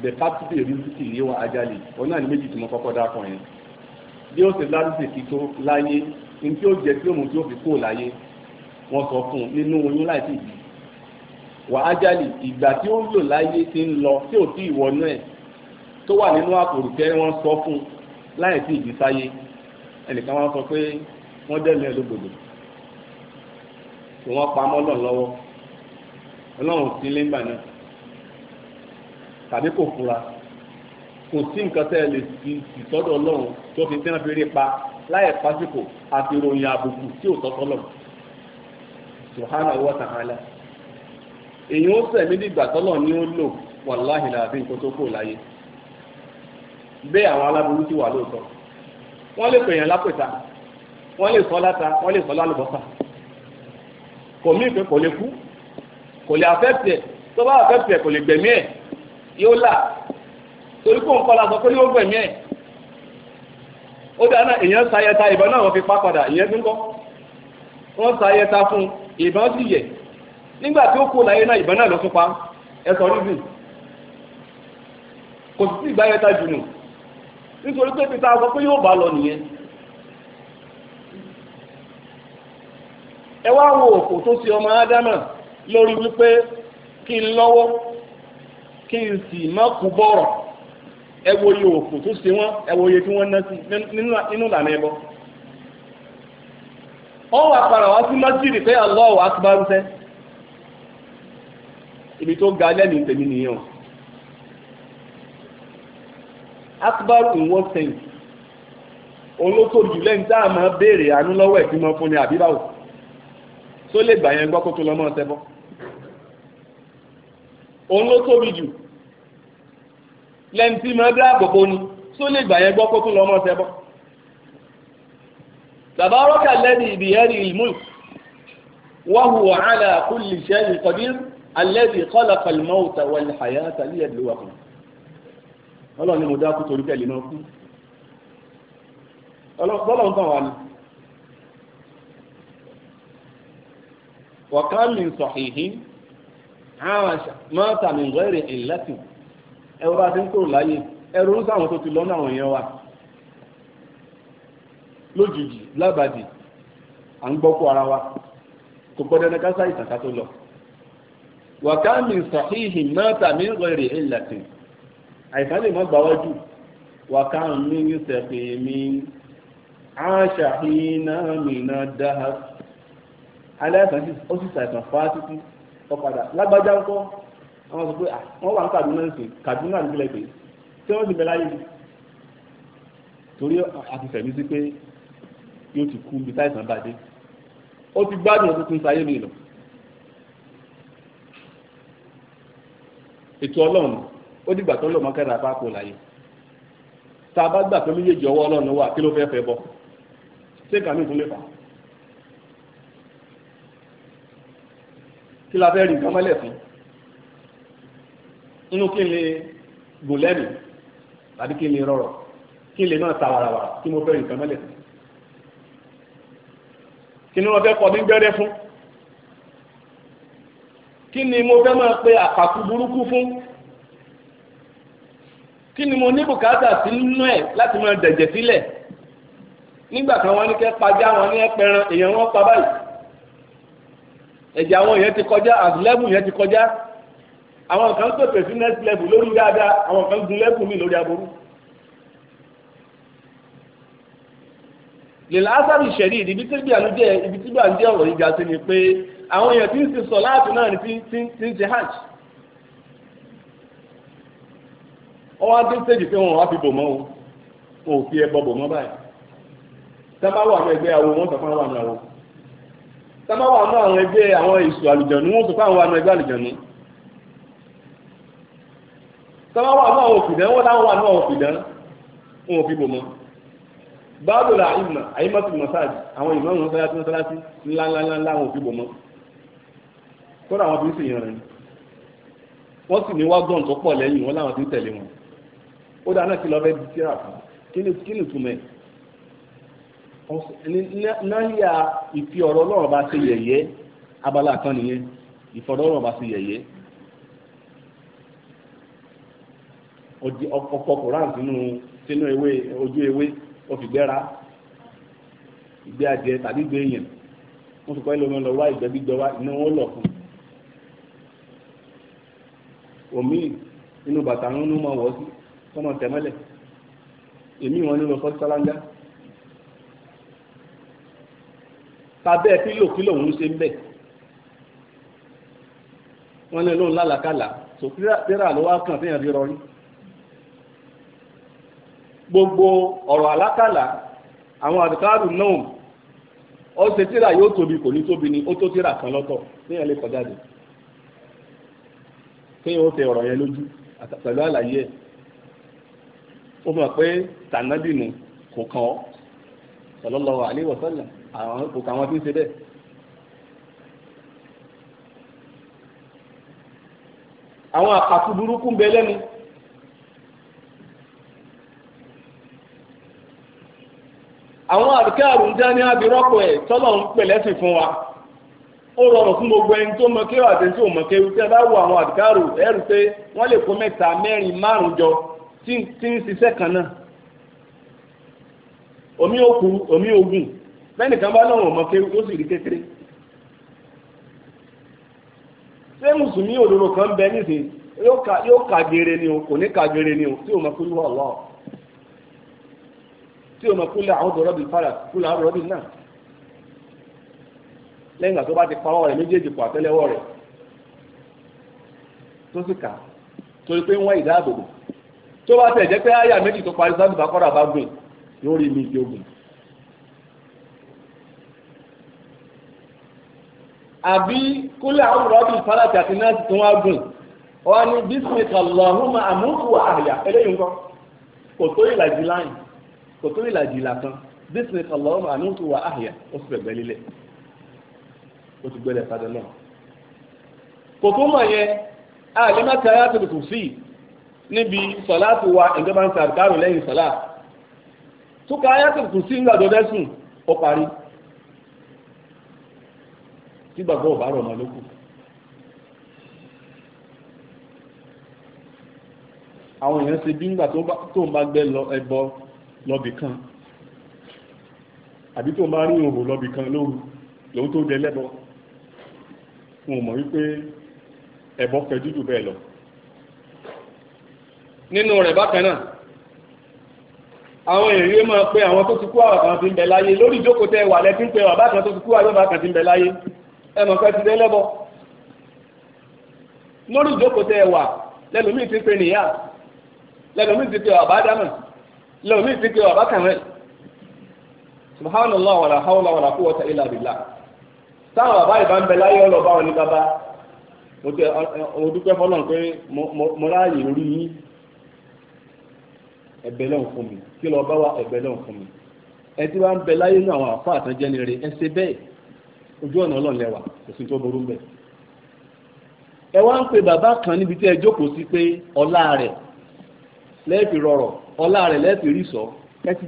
Speaker 1: the captive riziki yìí wà ajálì òun náà ní méjì tí mo kọ́kọ́ dá kan yẹn bí ó ṣe lárúṣe kí tó láyé ní tí ó jẹ tí ó mú tí ó fi kó láyé wọ́n sọ fún un nínú oyún láì sí ìdí wàhájálì ìgbà tí ó ń lò láyé ti ń lọ tí ò tí ìwọnú ẹ̀ tó wà nínú àpòrùkẹ́ wọ́n sọ fún láì sí ìdí sáyé ẹnìkan wọ́n sọ pé wọ́n dẹ́nu ẹ̀ lógbòdò tí wọ́n pamọ́ lọ lọ́wọ́ ọlọ́run sí lẹ́gbà náà tàbí kò fura kò sí nǹkan tẹ́ ẹ lè fi ìsọ́dọ̀ ọlọ́run tó fi tẹ́lẹ̀ fi rí pa láì pásíkò àti ìròyìn àbùkù tí ò tọ́tọ́ lọ subhanahu wa ta'ala èyí ó sẹ̀mí dìgbà tọ́lọ̀ ni ó lò wàláhì làbí nǹkan tó kò láyé bẹ́ẹ̀ àwọn aláburú ti wà lóòótọ́ wọ́n lè pèèyàn lápẹ̀ta wọ́n lè sọ láta wọ́n lè sọ lálùbọ́sà kò mí ìpè kò lè kú kò lè àfẹ́tì ẹ̀ tó bá àfẹ́tì ẹ̀ kò lè gbẹ̀mí ẹ̀ yóò là torí kò ń kọ́ la sọ pé yóò gbẹ̀mí ẹ̀ ó dáná èèyàn sayẹta ìbọn náà wọ́n fi pa padà ìyẹn ti ń kọ́ wọ́n sayẹta fún ìbọn sì yẹ̀ nígbà tí ó kú láyé náà ìbọn náà pa ẹ sọ rízìn kò sí ìgbà yẹn nù nítorí pé peter sọ pé yóò bá lọ nìyẹn ẹ wá wo òkò tó ti ọmọ ádámà lórí wípé kí n lọ́wọ́ kí n sì má kú ẹ wo iye òkò tó ṣe wọ́n ẹ wo iye tí wọ́n ná sí nínú ìlànà ẹbọ ọ wà padà wá sí pé ibi tó ga lẹ́mìí tèmi nìyẹn akbar in one sense lẹ́yìn tá a máa béèrè àánú lọ́wọ́ ẹ̀ tí mo fún ni àbí tó lè gbà yẹn gbọ́ kó tó lọ mọ́ ọ̀sẹ̀ bọ́ òun ló tóbi jù lẹ́yìn tí mo dáàbò bo ni tó lè gbà yẹn gbọ́ kó tó lọ mọ́ ọ̀sẹ̀ bọ́ bàbá ọlọ́kà lẹ́ni ìbìyẹ́rì ìmúlù wọ́n hùwà hàlà kúlì ṣẹ́yìn kọ́dírù alladhi khalaqa al-mawta wal-hayata liyabluwakum ọlọ́run ni mo dákú torí tẹ̀lé náà kú ọlọ́run tàn wá ní. wa kam min sahihin mata min ghairi illatin ẹ̀rọ bá ti ń kúrò láyé ẹ̀rọ ń sáwọn tó ti lọ́nà àwọn èèyàn wa lójijì lábàdì à ń gbọ́kú ara wa kò gbọ́dọ̀ ẹni ká sáyìí tàkà tó lọ wàká mi sàhíhì mẹ́ta mi ń rẹ̀ ìlàtì àìsàn lè mọ́ gbàwájú wàká mi ń sẹ̀fì mi àṣàhìnà mi ná dáhà aláìsàn ó sì sàìsàn fà á títí ọ̀padà lágbájá ńkọ́ àwọn sọ pé ah, wọ́n wà ń Kàdúnà ń sìn Kàdúnà ń gbilẹ̀ pé tí wọ́n ti bẹ̀ láyé torí àti fẹ̀mí sí pé yóò ti kú ibi táìsàn bàjẹ́ ó ti gbádùn ó ti pín sayé mi lọ. ètò ọlọ́run ó dìgbà tó ń lò mọ́ kẹ́ta bá kó láyé tá a bá gbà pé méjèèjì ọwọ́ ọlọ́run wà kí ló fẹ́ fẹ́ bọ́ ṣé kàmí ìtúnlẹ̀ fà kí la fẹ́ rí nǹkan mọ́lẹ̀ fún inú kí n lè gùn lẹ́mìí tàbí kí n lè rọrọ̀ kí n lè máa ta wàràwàrà kí mo fẹ́ rí nǹkan mọ́lẹ̀ fún kí ni wọ́n fẹ́ kọ́ ní gbẹ́rẹ́ fún kí ni mo fẹ́ máa pe àkàkù burúkú fún kí ni mo ní bùkátà sí nínú ẹ̀ láti máa dẹ̀jẹ̀ sílẹ̀ nígbà kan wọ́n ní kẹ́ pàjá wọn ní ẹpẹran èèyàn wọn pa báyìí ẹ̀jẹ̀ àwọn èèyàn ti kọjá àdúlẹ́bù yẹn ti kọjá àwọn kan pèpè sí next level lórí dáadáa àwọn kan gun level mi lórí aburú. lè lásàrò ìṣẹ̀rí ìdíbi tí gbìyànjú jẹ́ ibi tí gbìyànjú jẹ́ ọ̀rọ̀ yìí sí ni pé àwọn èèyàn tí ń ṣe sọ̀láàtù náà ni tí ń ṣe hajj wọ́n wá dé stage pé wọ́n wá fi bò mọ́ o wọn ò fi ẹbọ bò mọ́ báyìí sábà wà ní ẹgbẹ́ àwo wọ́n sọ fún àwọn àmì àwo sábà wà ní àwọn ẹgbẹ́ àwọn èso àlùjọ̀nú wọ́n sọ fún àwọn àmì ẹgbẹ́ àlùjọ̀nú sábà wà ní àwọn òfìdán wọ́n láwọn wà ní àwọn òfìdán wọn ò fi bò mọ́ báàbò là àyìnbó àyìnbó ti mọ̀ sáàjì àwọn ìmọ̀ wọn sáyà tí wọ́n sáyà sí ńláńláńlá wọn ò fi bò mọ́ kódà àwọn obìnrin sì yan rẹ̀ wọ́n sì ní wágọ́n tó pọ̀ lẹ́yìn wọn láwọn ti ń tẹ̀lé wọn ó dáná kí lọ́ọ́ fẹ́ di tíra fún kí ni túmẹ̀ náyà ìfi ọ̀rọ̀ ọlọ́run bá ṣe yẹ̀yẹ́ abala kan nìyẹn ìfọ̀rọ̀ ọlọ́run bá ṣe yẹ̀yẹ́ ọkọ̀ koran sínú sínú ewé ojú ewé ó fi gbẹ́ra ìgbé adìẹ tàbí ìgbé èèyàn wọ́n fi kọ́ ẹ́ lọ́mọ lọ wá ìgbẹ́ gbígbẹ́ wá iná wọn lọ̀ fún un omi inú bàtà ń nú mọ́ wọ́ sí tọ́mọ tẹ̀mọ́lẹ̀ èmi wọn nínú fọ́ sálángá tàbẹ́ pílò kílò ń ṣe ń bẹ̀ wọ́n ní lóun lálàkàlà tó pírà ló wá kàn fihàn rírọ rí gbogbo ọ̀rọ̀ àlákàlà àwọn àdìkárù náà ó ṣe tíra yóò tóbi kò ní tóbi ni ó tó tíra kan lọ́tọ̀ fihàn lè kọjá dé kéèyàn ó tẹ ọ̀rọ̀ yẹn lójú pẹ̀lú àlàyé ẹ̀ ó mọ̀ pé tànádìnù kò kàn ọ́ sallallahu alaihi wasallam àwọn kò kàn wọ́n tí ń ṣe bẹ́ẹ̀. àwọn àkàtú burúkú ń bẹ lẹ́nu àwọn àdìkẹ́ àrùn jẹ́ ní abirọ́pọ̀ ẹ̀ tọ́lọ̀ ń pẹ̀lẹ́sìn fún wa. ó rọrùn fún gbogbo ẹni tó mọ kéwà àti tó mọ kéwù tẹ́ bá wo àwọn àdìkárò ẹrù pé wọ́n lè kó mẹta mẹrin márùn jọ tí ń ṣiṣẹ́ kan náà omi òkú omi ogun lẹ́nìkan bá lọ́wọ́ mọ kéwù tó sì rí kékeré ṣé mùsùlùmí kan bẹ nísìnyí yóò ni o ni o tí o mọ kúlù wà lọ tí o mọ kúlù àwọn rọbì fara kúlù lẹ́yìn ìgbà tó bá ti pa ọwọ́ rẹ̀ méjèèjì pọ̀ àtẹ́lẹwọ́ rẹ̀ tó sì kà torí pé ń wá ìdáàbòbò tó bá tẹ̀ jẹ́ pé àyà méjì tó parí sábìbà kọ́ra bá gbìn yóò rí mi ìdíogun. àbí kúlẹ̀ àwọn rọ́bì fálàtì àti nọ́ọ̀sì tó wá gùn wọn ni bísímìkà lọ́hùnmá àmúkù àyà eléyìí nǹkan kò tó ìlàjì láyìn kò tó ìlàjì ìlà kan bísímìkà àmúkù àyà ó sì fẹ̀ ó ti gbẹ́lẹ̀ padà náà kò tó mọ̀ yẹn a lè má tẹ̀lé àti kò sí níbi sọ̀lá ti wa ìjọba ń sàdárò lẹ́yìn sọ̀lá tó ka ayáàtì kò sí ńgbà tó dẹ́sùn ó parí tí gbàgbọ́ ò bá rọ̀ ọmọ lókù. àwọn èèyàn ṣe bí ńgbà tó ń bá gbẹ́ ẹbọ lọ́bì kan àbí tó ń bá rí òhò lọ́bì kan lóru lòun tó dẹ lẹ́bọ̀ọ́. wọn ọmọ wípé ẹ̀bọ fẹ́ jújù bẹ́ẹ̀ lọ nínú rẹ̀ bákan náà àwọn èrè máa pe àwọn tó ti kú àwọn kan ti ń bẹ láyé lórí ìjókòó tẹ wà lẹ́tí ń pe bàbá kan tó ti kú àwọn kan ti ń bẹ láyé ẹ mọ̀ pé ti dé lórí ìjókòó tẹ wà táwọn bàbá ìbá ń bẹ láyé ọlọ́ba wọn ní bàbá mo tẹ pé mo ráàyè rí yín ẹ̀bẹ̀ lọ́n fún mi kí lọ bá wa ẹ̀bẹ̀ lọ́n fún mi ẹ ti wàá ń bẹ láyé àwọn àfa ṣe bàbá kan níbi tí ẹ pé ọlá rẹ lẹ́ẹ̀fì rọrọ̀ ọlá rẹ lẹ́ẹ̀fì ẹ ti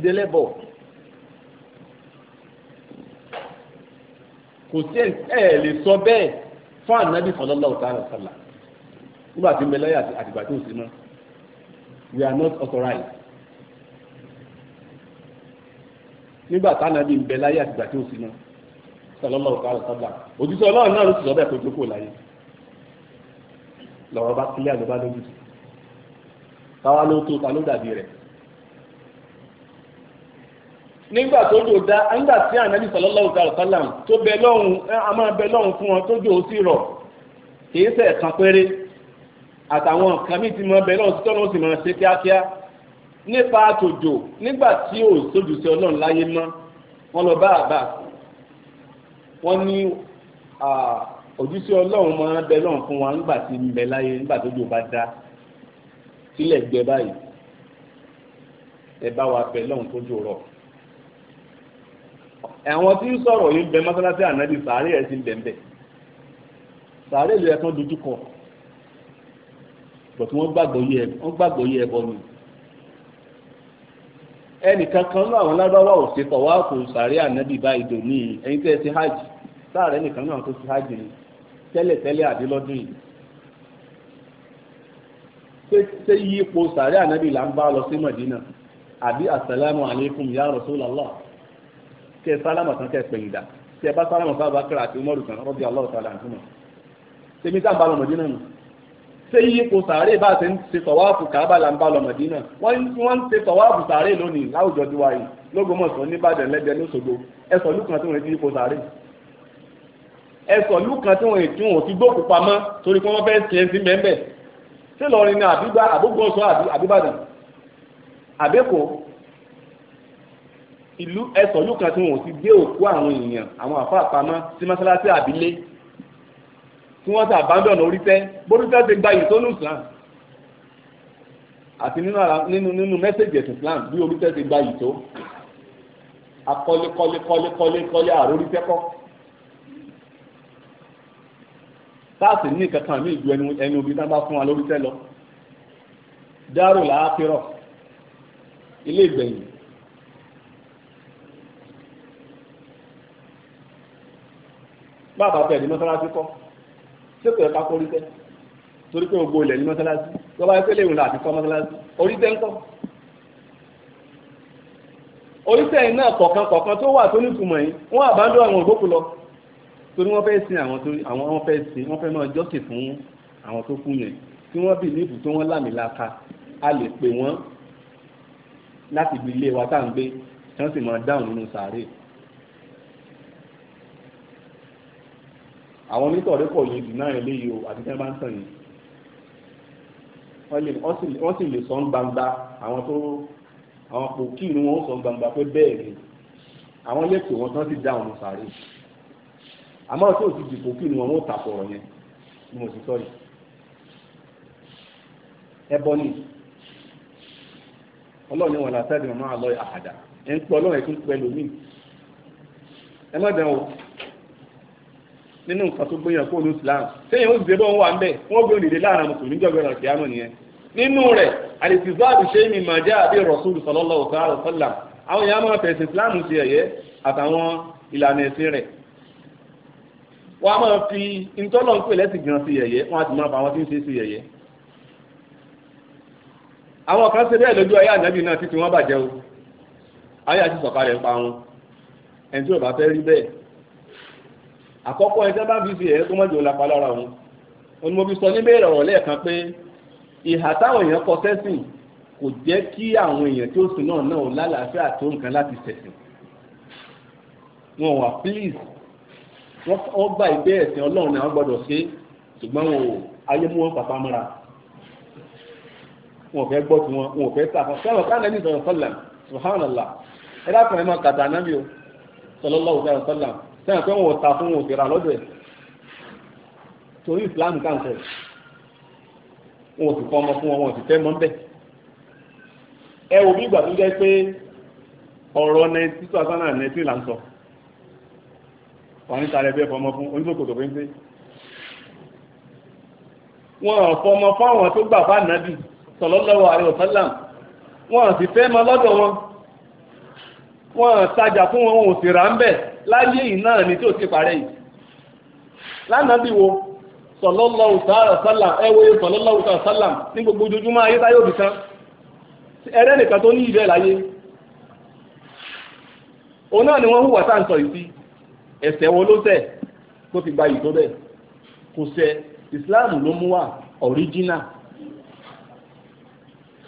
Speaker 1: kò sí ẹ̀ lè sọ bẹ́ẹ̀ fún ànábì sallallahu ta'ala sallam nígbà tí mbẹ láyé àtìgbà tó sì mọ́ we are not authorized nígbà tí ànábì mbẹ láyé àtìgbà tó sì mọ́ sallallahu ta'ala sallam òjíṣẹ́ ọlọ́run náà ló sì sọ bẹ́ẹ̀ kó jókòó láyé lọ́rọ̀ bá kílẹ̀ àlọ́ bá lójú táwa ló tó ta ló dàbí rẹ̀ nígbà tó jò dá nígbà tí ànábì sallallahu alaihi wasallam tó bẹ lọ́hùn a máa bẹ lọ́hùn fún wọn tó jò ó sì rọ̀ kìí ṣe ẹ̀kan péré àtàwọn nǹkan míì ti máa bẹ lọ́hùn títọ́ náà sì máa ṣe kíákíá nípa àtòjò nígbà tí ò sójú sí ọlọ́run láyé mọ́ wọ́n lọ bá àbá wọ́n ní òjúṣe ọlọ́run máa ń bẹ lọ́run fún wa nígbà tí ń bẹ láyé nígbà tó jò bá dá sílẹ̀ gbẹ báyìí ẹ bá wa bẹ lọ́run tó jò rọ̀ àwọn tí ń sọ̀rọ̀ yìí ń bẹ mọ́sálásí ànábì sàárè ẹ̀ sì ń bẹ̀ ń bẹ̀ sàárè dojú kọ wọ́n gbàgbọ́ yẹ wọ́n gbàgbọ́ ẹnìkan kan náà àwọn lárúbáwá ò ṣe tọ̀wá kò sàárè ànábì ní ẹni tẹ́ hajj ni àdélọ́dún yìí ṣé yí ipò sàárè ànábì là ń bá lọ sí Mọ̀dínà àbí tí ẹ sálámà tán tẹ pẹ̀yìn dà tí ẹ bá sálámà sábà kíra àti umaru kan rọ́bì aláwọ̀ sálà àti mọ̀ tèmi tá à ń bá lọ Mọ̀dínà nù ṣé yípo sàárè bá ṣe ń ṣe tọ̀wáàfù káàbà là ń bá lọ Mọ̀dínà wọ́n ń ṣe tọ̀wáàfù sàárè lónìí láwùjọ ti wáyé lógúnmọ̀sán nìbàdàn lẹ́gbẹ̀ẹ́ lóṣogbo ẹ̀sọ̀ lùkàn tí wọ́n ti yípo sàárè ẹ̀sọ̀ lùkàn tí wọ́n ti wọ́n ti gbókù pamọ́ torí pé wọ́n fẹ́ ṣe é sí mẹ́mbẹ́ ṣé lọ́rin ní àbígbá àbúgbọ́sọ àbíbàdàn àbẹ́kọ̀ọ́ ìlú ẹsọ̀ yóò kan tí wọn ò ti gbé òkú àwọn èèyàn àwọn àfa àpamọ́ sí mọ́sálásí àbílé tí wọ́n ti àbádọ́n orítẹ́ borítẹ́ ti gba ìyìn tó ní islam àti nínú nínú mẹ́sẹ̀gì ẹ̀sìn islam bí orítẹ́ ti gba ìyìn tó akọ́lé kọ́lé kọ́lé kọ́lé kọ́lé àrórítẹ́ kọ́ sáàsì ní kankan mí ju ẹnu ẹnu omi tá a bá fún wa lórítẹ́ lọ dárò làákírọ̀ ilé ìgbẹ̀yìn bàbá tẹ̀ ní mọ́sálásí kọ́ ṣé kò yẹ ká kó rí tẹ́ torí pé gbogbo ilẹ̀ ní mọ́sálásí tó bá yẹ pé léwu láti kọ́ mọ́sálásí orí tẹ́ ń kọ́ oríṣẹ́ iná kọ̀ọ̀kan kọ̀ọ̀kan tó wà tó nítumọ̀ yìí wọ́n àbádọ́ àwọn ògbókù lọ torí wọ́n fẹ́ sin àwọn torí àwọn wọ́n fẹ́ sin wọ́n fẹ́ máa jọ́sìn fún àwọn tó kú yẹn tí wọ́n bì níbù tó wọ́n lámìlaka a lè pè wọ́n láti ibi ilé wa tá à ń gbé tí wọ́n sì máa dáhùn nínú sàárè àwọn onítọ̀rẹ́kọ̀ yìí dì náà eléyìí o àti tẹ́ bá ń tàn yìí wọ́n sì lè sọ ń gbangba àwọn tó àwọn kò kí inú wọn sọ ń gbangba pé bẹ́ẹ̀ ni àwọn lẹ́tọ̀ọ́ wọn tán ti dá àwọn sàárè àmọ́ tó ti dìbò kí inú wọn ó tàpọ̀rọ̀ yẹn ni mo sì sọ yìí ẹbọ ni ọlọ́run wọn làtàdé màmá àlọ́ àhàdà ẹ̀ ń pẹ́ ọlọ́run ẹ̀ tún pẹ́ lómi ẹ má dẹ́wọ̀n nínú nǹkan tó gbóyàn kó olóòtú láàrùn sẹ́yìn ó dìde bọ́ wọn wà ń bẹ̀ wọ́n gbé òdìdè láàrùn mùsùlùmí jọ̀gbẹ́ rẹ̀ kìámọ̀ nìyẹn nínú rẹ̀ àdìsíbáàbù ṣe mi mà já àbí rọ̀ṣúlù sọlọ́lọ́ ọ̀sáàrọ̀ sọ́là àwọn èèyàn máa fẹ̀sìn Islam ṣe ẹ̀yẹ àtàwọn ìlànà ẹ̀sìn rẹ̀ wọ́n á máa fi ntọ́lọ́ ń pè lẹ́sìn gan ṣe ẹ̀yẹ wọ́n á sì máa fa àwọn tí ń ṣe ṣe ẹ̀yẹ àwọn kan ṣe bẹ́ẹ̀ lójú ayé ànábì náà títí wọ́n bàjẹ́ o ayé àti sọ̀kalẹ̀ ń pa wọn ẹni tí ò bá fẹ́ àkọ́kọ́ ẹjẹ́ bá fi fi ẹ̀yẹ́ tó mọ̀jọ́ lápá lára òun òun mo fi sọ níbẹ̀rẹ̀ ọ̀rọ̀ lẹ́ẹ̀kan pé ìhà táwọn èèyàn kọ sẹ́sìn kò jẹ́ kí àwọn èèyàn tí ó sìn náà náà lálàáfíà tó nǹkan láti sẹ̀sìn wọn wà please wọ́n gba ìgbé ẹ̀sìn ọlọ́run ni àwọn gbọ́dọ̀ ṣe ṣùgbọ́n wọn ò ayé mú wọn pàpà mọ́ra wọn ò fẹ́ gbọ́ tiwọn wọn ò fẹ́ sàfọ́ fẹ́ràn káàdé ní sọ̀rọ̀ subhanallah ẹ dákun ẹ máa kàtà náà bí o sallallahu sẹ́yìn pé wọn ò ta fún wọn ò fi ra lọ́dọ̀ ẹ̀ torí Islam kàǹtẹ̀ wọn ò sì kọ́ ọmọ fún wọn wọn ò sì fẹ́ mọ́ ń bẹ̀ ẹ wò bí ìgbà tó jẹ́ pé ọ̀rọ̀ nineteen two thousand and nineteen là ń sọ wà ní sáré bẹ́ẹ̀ fọmọ fún oníṣòkòtò péńpé wọn ò fọmọ fáwọn tó gbà fún ànábì sallallahu alaihi wasallam wọn ò sì fẹ́ mọ lọ́dọ̀ wọn wọn ò tajà fún wọn wọn ò sì rà ń bẹ̀ láyé iná ni tí ò ti parẹ́ yìí lánàá bí wo sallallahu ta'ala sallam ẹ wo sallallahu ta'ala sallam ní gbogbo ojoojúmọ́ ayé táyé òbí kan ẹrẹ́ nìkan tó ní ìbẹ̀ láyé òun náà ni wọ́n hùwà tá à ń sọ yìí sí ẹ̀ṣẹ̀ wo ló ṣẹ̀ tó fi gba yìí tó bẹ́ẹ̀ kò ṣẹ̀ ìsìláàmù ló mú wá ọ̀ríjínà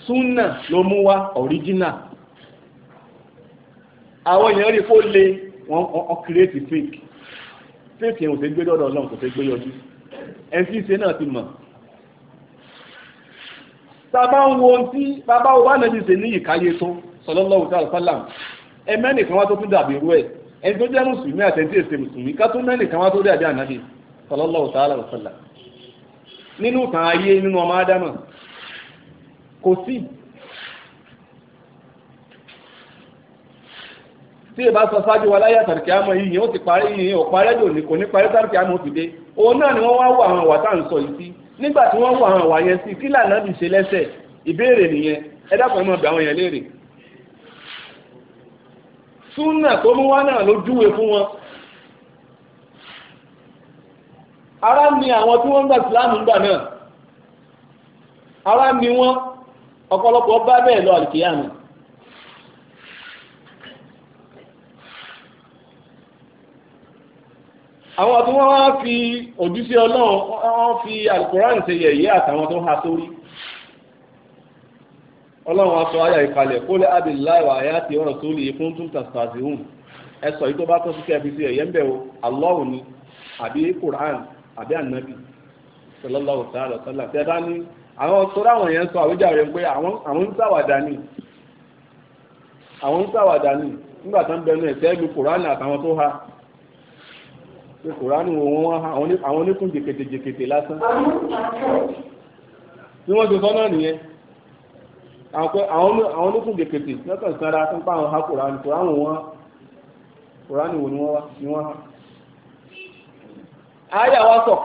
Speaker 1: súnà ló mú wá ọ̀ríjínà àwọn èèyàn rí kó le wọ́n create kírètì fake fake yẹn ò ṣe gbé dọ́dọ̀ ọlọ́run kò ṣe gbé yọjú ẹni tí ń ṣe náà ti mọ̀ tàbá ń wo tí bàbá wa nàbí ṣe ní ìkáyé tó sallallahu ta'ala sallam ẹ mẹ́nìkan wá tó tún dàbí irú ẹ̀ ẹni tó jẹ́ mùsùlùmí àti ẹni tí èsè mùsùlùmí ká tó mẹ́nìkan wá tó dàbí ànábì sallallahu ta'ala sallam nínú ìtàn ayé nínú ọmọ ádámà kò sí tí ìbá sọ ṣáájú wa láyé àtàrí yìí yìnyín ó ti parí yìnyín ò parí ẹjọ ní kò ní parí òun náà ni wọ́n wá wọ àwọn àwà tá à ń sọ yìí sí nígbà tí wọ́n wọ àwọn àwà yẹn sí kí lànà bì ṣe lẹ́sẹ̀ ìbéèrè nìyẹn ẹ dákun ẹ máa bẹ àwọn yẹn léèrè. súnà tó mú wá náà ló wọn. ara ni àwọn tí wọ́n ń gbà gbà náà ara ni àwọn tó wọ́n fi òjíṣẹ́ ọlọ́run wọ́n fi alukoran ṣe yẹ̀yẹ́ àtàwọn tó ń ha sórí ọlọ́run aṣọ ayà ìkàlẹ̀ àyà ọ̀rọ̀ tó lè fún tún tàṣàṣì hùn ẹ yìí tó bá tọ́ sí kẹ́ẹ̀fì sí ń bẹ̀ àbí koran àbí anabi sallallahu ta'ala sọlá bá ní àwọn tó yẹn sọ àwíjàre pé àwọn ń ni àwọn ń pé kòránì wo wọn àwọn oníkùn jèkètè jèkètè lásán bí sọ náà nìyẹn àwọn oníkùn jèkètè tó ń pa ha wo ha. àyà wa sọ tó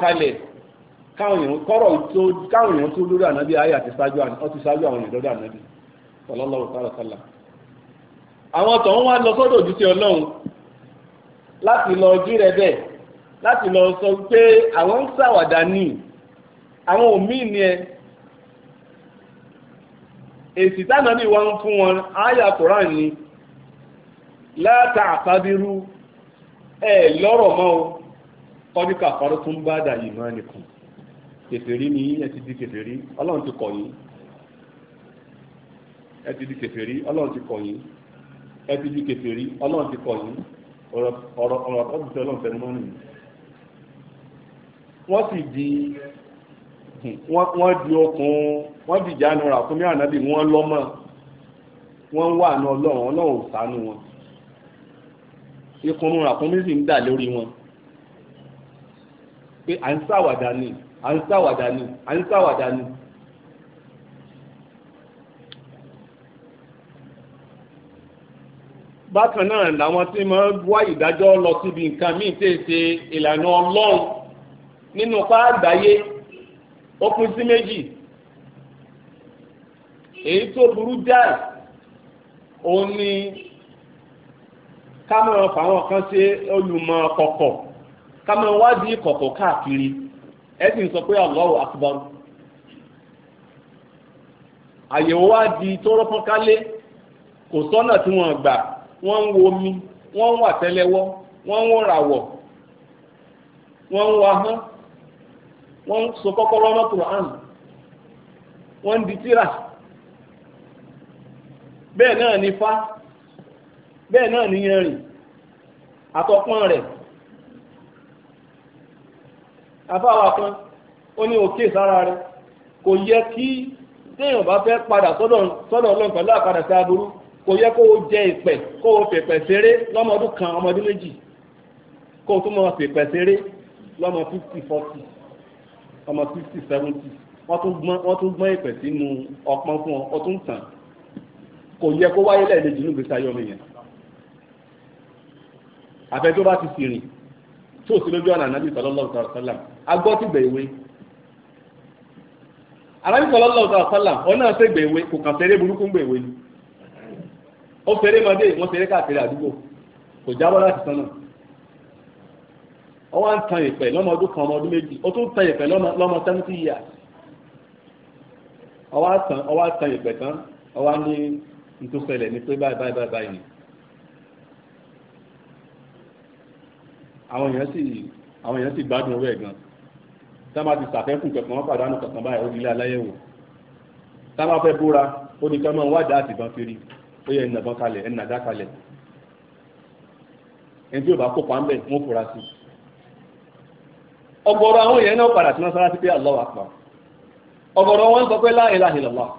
Speaker 1: káwọn èèyàn tó lórí ànábì àyà ti ṣáájú ṣáájú àwọn èèyàn lórí ànábì sallallahu àwọn wá lọ sọ́dọ̀ ọlọ́run láti lọ sọ pé àwọn ń sàwàdà ní àwọn òmíì ni ẹ èsì táwọn ní wọn fún wọn àyà koran ni láta àfábírú ẹ lọ́rọ̀ mọ́ o kọ́díkà fọ́rọ́ tún bá dà yìí máa nìkan kèfèrí ni ẹ ti di kèfèrí ọlọ́run ti kọ̀ yín ẹ wọ́n sì di wọ́n di okùn wọ́n di ìjánu rà fún mi ànábì wọ́n lọ́mọ́ wọ́n ń wà ní ọlọ́run ọlọ́run ò sánú wọn ikùn rà fún mi sì ń dà lórí wọn pé à ń ṣàwàdà ni à ń ṣàwàdà ni à ń ṣàwàdà ni. bákan náà làwọn tí wọ́n wá ìdájọ́ lọ síbi nǹkan míì tètè ìlànà ọlọ́run nínú pa àgbáyé ó sí méjì èyí tó burú jáì òun ni kámẹ́rọ̀ fáwọn kan ṣe olùmọ̀ kọ̀kọ̀ kámẹ́rọ̀ wádìí kọ̀kọ̀ káàkiri ẹ sì ń sọ pé Allahu Akbar àyẹ̀wò wádìí tó rọ́pọ́n kálé kò sọ́nà tí wọ́n gbà wọ́n ń wo omi wọ́n ń wà tẹ́lẹ́wọ́ wọ́n ń wọ́n ràwọ̀ wọ́n ń wọ ahọ́n wọ́n ń so kọ́kọ́rọ́ mọ́tò hàn wọ́n ń di tírà bẹ́ẹ̀ náà ni fá bẹ́ẹ̀ náà ni yanrìn àtọ̀pọ́n rẹ̀ afáwa kan ó ní òkè sára rẹ̀ kò yẹ kí téèyàn bá fẹ́ padà sọ́dọ̀ ọlọ́run pẹ̀lú àpadà sí aburú kò yẹ kó o jẹ ìpẹ̀ kó o fèpẹ̀ ṣeré lọ́mọdún kan ọmọdún méjì kó o tún mọ fèpẹ̀ ṣeré lọ́mọ fifty forty ọmọ sixty seventy wọ́n tún gbọ́n wọ́n tún gbọ́n ìpè sínú ọpọ́n fún ọ ọ tún tàn kò yẹ kó wáyé lẹ́ẹ̀mejì ní ìgbésí ayé ọmọ yẹn àfẹ tó bá ti sì rìn tó sí lójú ọ̀nà ànábì sallallahu alaihi wasallam agbọ́ ti gbẹ̀ ìwé ànábì sallallahu alaihi wasallam ọ̀nà ṣe gbẹ̀ ìwé kò kàn fẹ́rẹ́ burúkú gbẹ̀ ìwé ni ó fẹ́rẹ́ mọ́dé wọ́n fẹ́rẹ́ káàkiri àdúgbò kò jábọ́ láti sánà wọ́n wá ń tan ìpẹ́ lọ́mọ ọdún kan ọmọ ọdún méjì ó tún tan ìpẹ́ lọ́mọ seventy years ó wá tan ó wá tan ìpẹ́ tán ó wá ní ntòsẹlẹ̀ ní pé báyìí báyìí báyìí ni àwọn èèyàn sì àwọn èèyàn sì gbádùn owó ẹ̀ gan táwọn ti sàfẹ́kùn kankan wọ́n pàdánù kankan báyìí ó di ilé aláyẹ̀wò táwọn fẹ́ búra ó ní ká máa wádàá àtìbọn kiri ó yẹ ẹnìnàbọn kalẹ̀ ẹnìnàdá kalẹ̀ ẹni tí yóò bá kópa ń bẹ̀ wọ́n fura sí i.
Speaker 2: Ọgọrọ àwọn èèyàn náà
Speaker 1: padà sí mọ́sálásí pé Allahu Akbar Ọgọrọ wọn sọ pé la ilaha illallah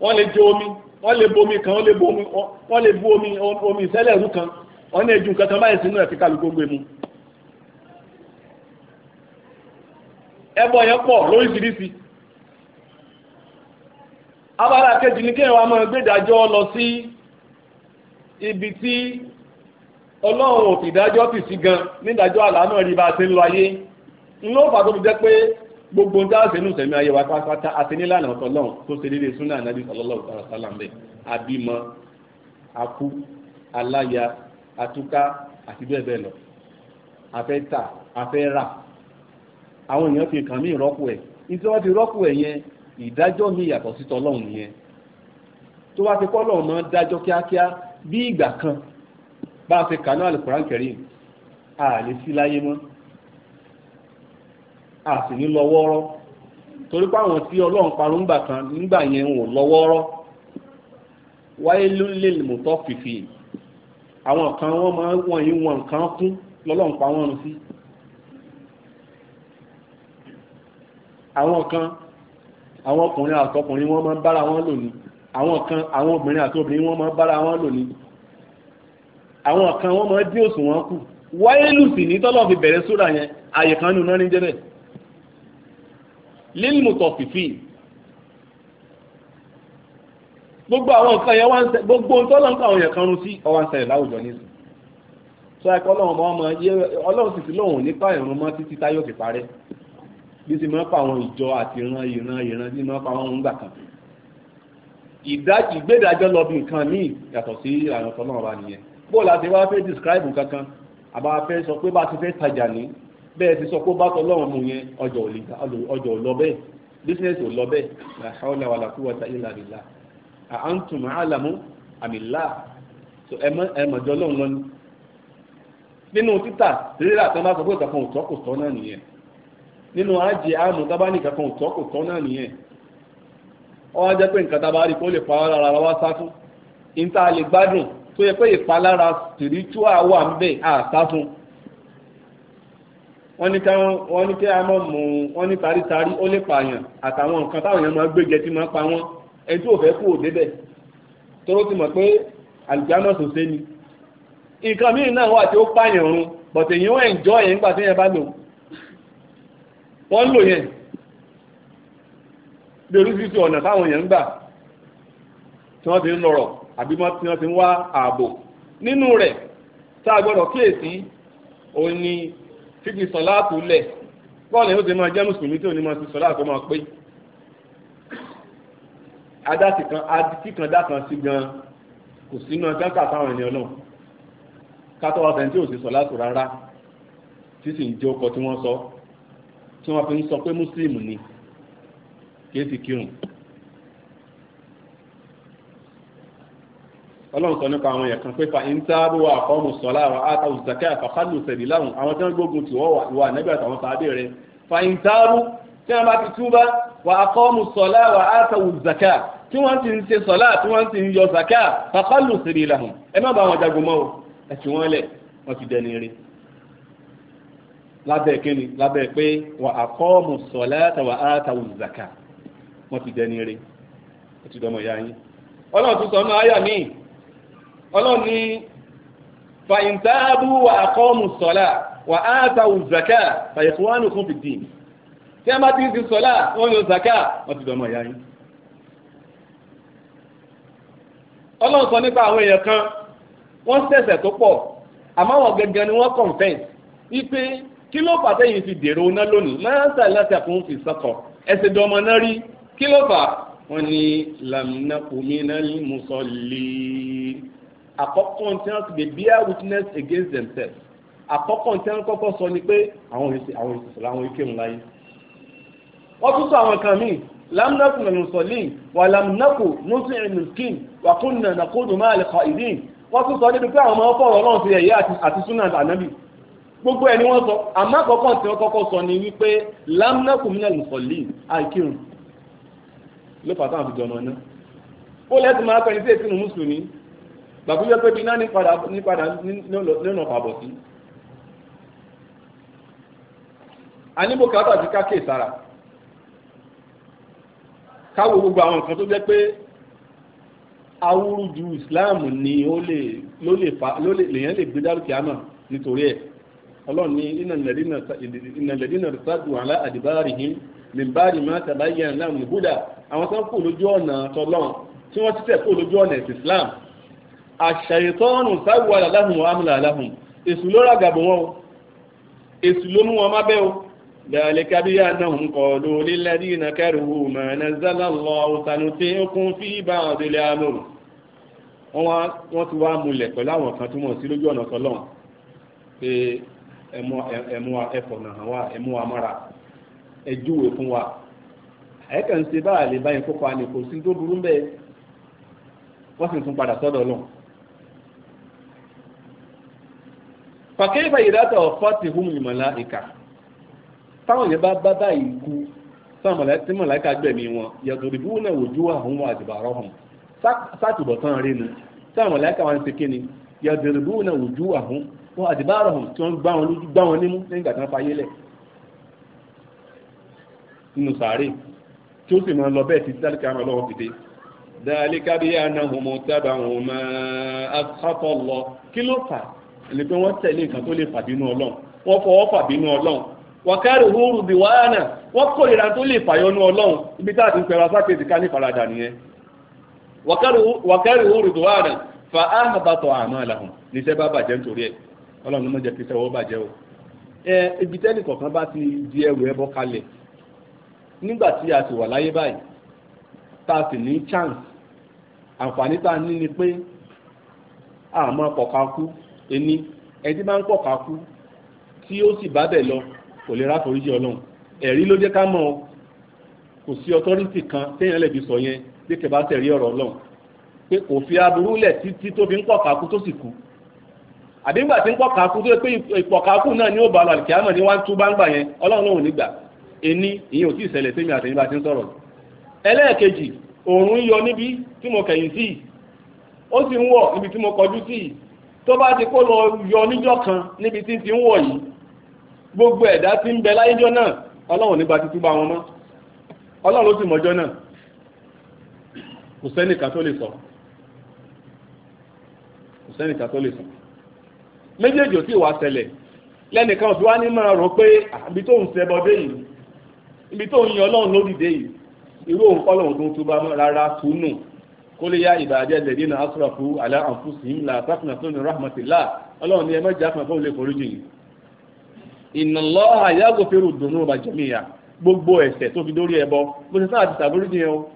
Speaker 1: wọ́n lè jó omi wọ́n lè bomi kan wọ́n lè bomi wọ́n lè bu omi omi ìṣẹ̀lẹ̀ ẹ̀rú kan wọ́n lè ju kankan báyìí sínú ẹ̀fí kálukú gbé emu. ẹbọ yẹn lóríṣiríṣi abala kejì kéèyàn wa máa gbé lọ Si ibi tí ọlọ́run ò fìdájọ́ tì sí gan nídájọ́ àlànà rí bá a ṣe ń lọ ayé ńlọ fà tó fi jẹ́ pé gbogbo ń dáhùn sínú sẹ́mi ayé wa pátápátá àti nílànà ọ̀tọ̀lọ́run tó ṣe déédéé súnà ànábì sallallahu alaihi wasallam àbímọ akú aláya atúká àti bẹ́ẹ̀ bẹ́ẹ̀ lọ afẹ́ tà afẹ́ rà àwọn èèyàn fi kàn mí rọ́pò ẹ̀ nítorí wọ́n fi rọ́pò ẹ̀ yẹn ìdájọ́ mi yàtọ̀ sí tọlọ́run yẹn tó wá fi kọ́ lọ́run máa dájọ́ kíákíá bí ìgbà kan bá a fi kànú alukuran kẹrin a lè sí láyé mọ́ a sì ní lọ́wọ́ọ́rọ́ torí pé àwọn tí ọlọ́run parun gbà kan nígbà yẹn ń wò lọ́wọ́ọ́rọ́ wáyé lónìí lè mọ̀tọ́ fìfì àwọn kan wọ́n máa ń wọ̀nyí wọn nǹkan kún lọ́lọ́run pa wọ́n sí. àwọn kan àwọn ọkùnrin àtọkùnrin wọn máa ń bára wọn lò ní àwọn kan àwọn obìnrin àti obìnrin wọn máa bára wọn lò ní àwọn kan wọn máa dín òṣùwọ̀n kù wáyélù sì ní tọ́lọ̀ fi bẹ̀rẹ̀ sóra yẹn àyè kan nù náà ní jẹ́rẹ̀ lílùmùtọ̀ fìfì gbogbo àwọn nǹkan yẹn wọ́n ń sẹ gbogbo tọ́lọ̀ nǹkan àwọn yẹn kan run sí ọwọ́ ń ṣẹlẹ̀ láwùjọ nísìn sọ ẹ kọ́ ọlọ́run máa máa yé ọlọ́run sì sí lóhùn nípa ìrun mọ́ títí táyọ̀ fi parẹ́ bí sì máa pa àwọn ìjọ àti ìran ìran ìran bí máa pa àwọn ohun gbà kan ìgbédájọ́ lọ bí nǹkan míì yàtọ̀ sí ìlànà ọ̀tọ̀ náà wà nìyẹn bó láti wá fẹ́ describe kankan àbá fẹ́ sọ pé bá ti fẹ́ tajà ní bẹ́ẹ̀ ti sọ pé bá tọ́ lọ́wọ́ mu yẹn ọjọ́ ò lọ bẹ́ẹ̀ business ò lọ bẹ́ẹ̀ la hawla wala quwwata illa billah àǹtùmọ̀ àlàmú àmìlá ẹ̀mọ̀jọ́ lọ́wọ́ lọ́ni nínú títà rírà tán bá sọ pé ìtàkùn òtọ́ kò tọ́ náà nìyẹn nínú àjẹ àmọ̀ tábánì ìtàkùn òtọ́ kò tọ́ náà nìyẹn ọwọ́ jẹ́ pé nǹkan tábà rí kó lè pa lára ara wa sá fún níta lè gbádùn tó yẹ pé ìpalára spiritual wà ń bẹ̀ á sá fún wọ́n ní ká wọ́n ní kí a mọ̀ mọ̀ wọ́n ní tarítarí ó lè pààyàn àtàwọn nǹkan táwọn èèyàn máa gbéjẹ tí máa pa wọ́n ẹni tí ò fẹ́ kú òde bẹ̀ tóró ti mọ̀ pé àlùjámọ̀ sòsé ni nǹkan míì náà wà tí ó pààyàn run bọ̀tẹ̀ yìí wọ́n enjoy yẹn nígbà tí yẹn bá lò wọ́n lò yẹn bí oríṣiríṣi ọ̀nà táwọn èèyàn ń gbà tí wọ́n ti ń lọ́rọ̀ àbí tí wọ́n ti ń wá ààbò nínú rẹ̀ tá a gbọ́dọ̀ kíyèsí òun ni fífi sọ̀láàtù lẹ̀ bọ́ọ̀lù yóò ti máa jẹ́ mùsùlùmí tí òní máa ti sọ̀láàtù máa pé adásìkan dákan sí gan kò sínú ọjọ́ǹkà táwọn ènìyàn náà kátó wa fẹ̀yìntì ò sì sọ̀láàtù rárá tí sì tí wọ́n sọ tí wọ́n fi ń sọ pé mùsùlùmí ni kéèsì kírun ọlọ́run sọ nípa àwọn èèyàn kan pé fa ìntàbù wa àkọ́mù sọ́lá àwọn àtàwù zakẹ́ àfàkálù sẹ̀dí láwùn àwọn tí wọ́n gbógun tì wọ́n wà nẹ́bí àtàwọn sàádé rẹ̀ fa ìntàbù tí wọ́n bá ti túbá wa àkọ́mù sọ́lá wa àtàwù zakẹ́ tí wọ́n ti ń ṣe sọ́lá tí wọ́n ti ń yọ zakẹ́ àfàkálù sẹ̀dí láwùn ẹ má bá wọn jagun mọ́ o ẹ fi wọ́n wọ́n ti dẹni re wọ́n ti dọmọ ìyá yín ọlọ́run tún sọ ọmọ ayà mi ọlọ́run ní fàyìntàbù wà àkọ́mù sọ̀lá wà áàtàwù zàkà fàyẹ̀kúwánù fún fìdí tí a bá ti ń sin wọ́n yóò zàkà wọ́n ti dọmọ ìyá yín ọlọ́run sọ nípa àwọn èèyàn kan wọ́n ṣẹ̀ṣẹ̀ tó pọ̀ àmọ́ wọn gẹ́gẹ́ ni wọ́n confess wípé kí ló pàtẹ́yìn fi dèrò náà lónìí máa ń sàlẹ̀ àti àkóhùn fi sọ́kọ̀ ẹ̀sìn dọmọ náà rí kí ló fà wọ́n ní lamina ominali musolli àkọ́kọ́ tí wọ́n ti bear witness against themselves àkọ́kọ́ tí wọ́n kọ́kọ́ sọ ni pé àwọn èsì àwọn èsì sọ̀rọ̀ àwọn ike ńlá yìí wọ́n tún sọ àwọn kan míì lamina kunna musolli wà lamina kò nusi ẹnìkín wà kunna nakudu máa lè kọ ìdín wọ́n tún sọ níbi pé àwọn ọmọ fọ̀rọ̀ ọlọ́run ti ẹ̀yẹ àti súnà ànábì gbogbo ẹni wọ́n sọ àmọ́ àkọ́kọ́ tí wọ́n kọ́kọ́ ni wípé lamina kunna musolli àìkírun ló fà táwọn àbújọ ọmọ náà ó lẹ́sìn máa pẹ́ ní sí èsìnú mùsùlùmí gbàgbé jẹ́ pé iná ní padà lọ́nà pàbọ̀ sí. a ní bùkátà sí ká kéè sára káwo gbogbo àwọn nǹkan tó jẹ́ pé awúrúju Islam ni ó lè ló lè fa ló lè lèyàn lè gbé dárúkì àmà nítorí ẹ̀ ọlọ́run ní ìnàlẹ́dínà ìsádùn àlá àdìbárìhìn mìbáàdì máa tàbáyé náà nìhúdà àwọn tó ń kó lójú ọ̀nà tọ́lọ́n tí wọ́n ti tẹ̀ kó lójú ọ̀nà ẹ̀sìn Islam àṣàyètọ́nù sáwọ́ aláhùn amúlà aláhùn èṣù ló rà gàbọ̀ wọn o èṣù ló mú wọn má bẹ́ o dàlẹ́ka bí anáhùn kọ́ ló lílẹ́dí iná kẹrù mọ̀nà zálàlọ́ ọ̀sánú tí ẹ̀mú ẹ̀fọ̀nà ẹ júwe fún wa ẹ̀ẹ́kà ń ṣe báà lè báyìí kópa ni kò sí tó burú bẹ́ẹ̀ wọ́n sì tún padà sọ́dọ̀ Ọlọ́run. fàkẹ́ ìfàyèdátọ̀ fọ́ọ̀tì húmù ìmọ̀lá ìkà táwọn yẹn bá bá báyìí kú táwọn tí mọ̀láìka gbẹ̀mí wọn yàtọ̀ ìbú náà wòjú àwọn àdìbàrọ̀ hàn sátìbọ̀tán rí ni táwọn mọ̀láìka wọn ti ni yàtọ̀ ìbú náà wòjú àwọn àdìbàrọ̀ hàn tí wọ́n gbá wọn nímú nígbà nínú sàárè tí ó sì máa lọ bẹ́ẹ̀ títí dálíkà máa lọ́wọ́ fìdé dálíkà bí anahum tabahu ma ashata Allah kí ló fà ní pé wọ́n tẹ̀lé nǹkan tó lè fàbínú ọlọ́run wọ́n fọwọ́ fàbínú ọlọ́run wọ́n kárí òhúrù bí wàhánà wọ́n kórìíra tó lè fàyọnú ọlọ́run ibi tá a ti ń pẹ̀rọ sáfẹ́sì ká ní faradà nìyẹn wọ́n kárí òhúrù bí wàhánà fa áhàbàtọ̀ a'malahum níṣẹ́ bá bàjẹ́ nítorí ẹ̀ ọlọ́run ló mọ̀ jẹ́ kí sẹ́wọ́ bàjẹ́ o. ẹ ibi tẹ́lẹ̀ bá ti di ẹrù ẹbọ kalẹ̀ nígbà a ti wà láyé báyìí tá a sì ní chance àǹfààní tá a ní ni pé a pọ̀ka kú eni ẹni tí bá ń pọ̀ka kú tí ó sì bá bẹ̀ lọ kò lè ọlọ́run ẹ̀rí ló jẹ́ ká mọ̀ ọ́ kan téèyàn lè fi sọ yẹn bí kẹ́ bá tẹ̀rí ọ̀rọ̀ ọlọ́run pé kò fi aburú lẹ̀ títí tó fi ń pọ̀ka kú tó sì kú àbí ńgbà tí ń pọ̀ka kú tó yẹ ni ó bá lọ ní wá ení ìyẹn ò tí ì ṣẹlẹ̀ sẹ́mi àtẹ̀yìn bá ti ń sọ̀rọ̀ ẹlẹ́ẹ̀kejì òòrùn yọ níbi tí mo kẹ̀yìn sí ó sì ń wọ̀ níbi tí mo kọjú sí tó bá ti kó lọ yọ níjọ́ kan níbi tí ti ń wọ̀ gbogbo ẹ̀dá tí ń bẹ láyéjọ́ náà ọlọ́run nígbà wọn mọ́ ọlọ́run ló sì mọ́jọ́ náà kò sẹ́nìkan tó lè sọ kò sẹ́nìkan tó lè sọ méjèèjì ò tí ì wá lẹ́nìkan ibi tó ń yan ọlọ́run lórílẹ̀ yìí irú òun kọ́ lọ́run tó ń túbá rárá túnú kó lè yá ìbàjẹ́ lẹ́dí náà asrafu ala anfusihim la taqnatu min rahmatillah ọlọ́run ni ẹ mẹ́jọ afẹ́ fún olè foríjì yìí innallaha yaghfiru dhunuba jami'a gbogbo ẹ̀ṣẹ̀ tó fi dórí ẹbọ bó ṣe sáà ti ṣàforíjì yẹn o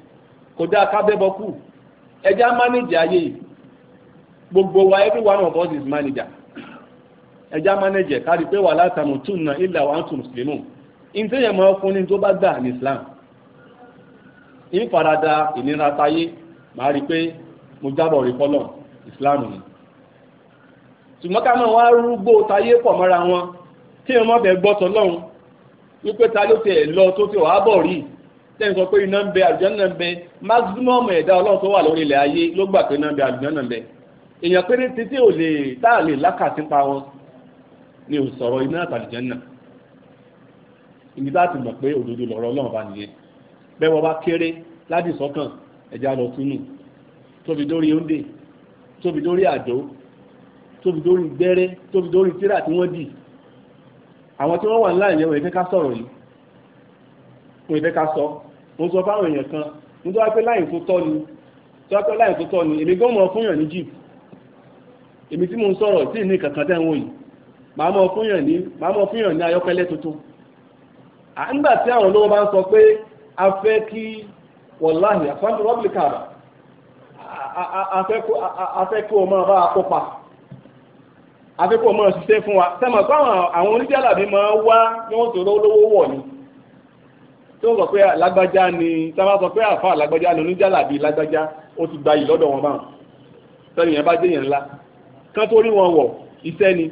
Speaker 1: kò dáa ká bẹ́bọ kù ẹja mánéjì ayé yìí gbogbo wa every one of us is manager ẹja mánéjì kárí pé wala tamutunna illa wa antum muslimun ìtẹ̀yẹ̀ mọ́ fún ní tó bá gbà ní Islam ìfaradà ìnira táyé màá rí i pé mo jábọ̀ rí fọ́lọ̀ Islam ni ṣùgbọ́n ká máa wá rúgbó táyé pọ̀ mọ́ra wọn tí wọ́n mọ̀ bẹ́ẹ̀ gbọ́ tọ́lọ́run wípé ta ló tiẹ̀ lọ tó ti wàá bọ̀ rí tẹ́yìn sọ pé iná ń bẹ àlùjánnà ń bẹ maximum ẹ̀dá ọlọ́run tó wà lórí ilẹ̀ ayé ló gbà pé iná ń bẹ àlùjánnà ń bẹ èèyàn péré títí ò lè tá à lè lákàtí pa wọn ni ò sọ̀rọ̀ iná àtàlùjánnà náà ibi láti mọ̀ pé òdodo lọ̀rọ̀ Ọlọ́run bá nìyẹn bẹ́ẹ̀ wọ́n bá kéré láti sọ́kàn ẹ̀já lọ túnú tóbi dórí oúnjẹ tóbi dórí àdó tóbi dórí gbẹ́rẹ́ tóbi dórí tíra tí wọ́n dì àwọn tí wọ́n wà ńlá ìyẹn wọ́n ìfẹ́ ká sọ̀rọ̀ yìí wọ́n ìfẹ́ ká sọ mo sọ fáwọn èèyàn kan nítorí wá pé láyìn tó tọ́ ni tó wá pé láyìn tó tọ́ ni èmi gan mọ̀ fúnyàn ní jíìpù èmi tí mo ń sọ̀rọ̀ tí ní kankan tẹ́ ń wò yìí màá mọ̀ fúnyàn ní ayọ́kẹ́lẹ́ tuntun nígbà tí àwọn olówó bá ń sọ pé a fẹ́ kí wọ̀láhì àfáàní rọ́bìlìkà a fẹ́ kí o máa bá a kópa a fẹ́ kí o máa ṣiṣẹ́ fún wa sẹ́mọ̀ pé àwọn oníjàlàbí máa wá ní wọ́n tòró olówó wọ̀ ni tó ń sọ pé lágbájá ni sábà sọ pé àfa lágbájá ni oníjàlàbí lágbájá ó ti gbayì lọ́dọ̀ wọn báwọn sẹ́ni yẹn bá dé yẹn ńlá kán tó rí wọn wọ̀ iṣẹ́ ni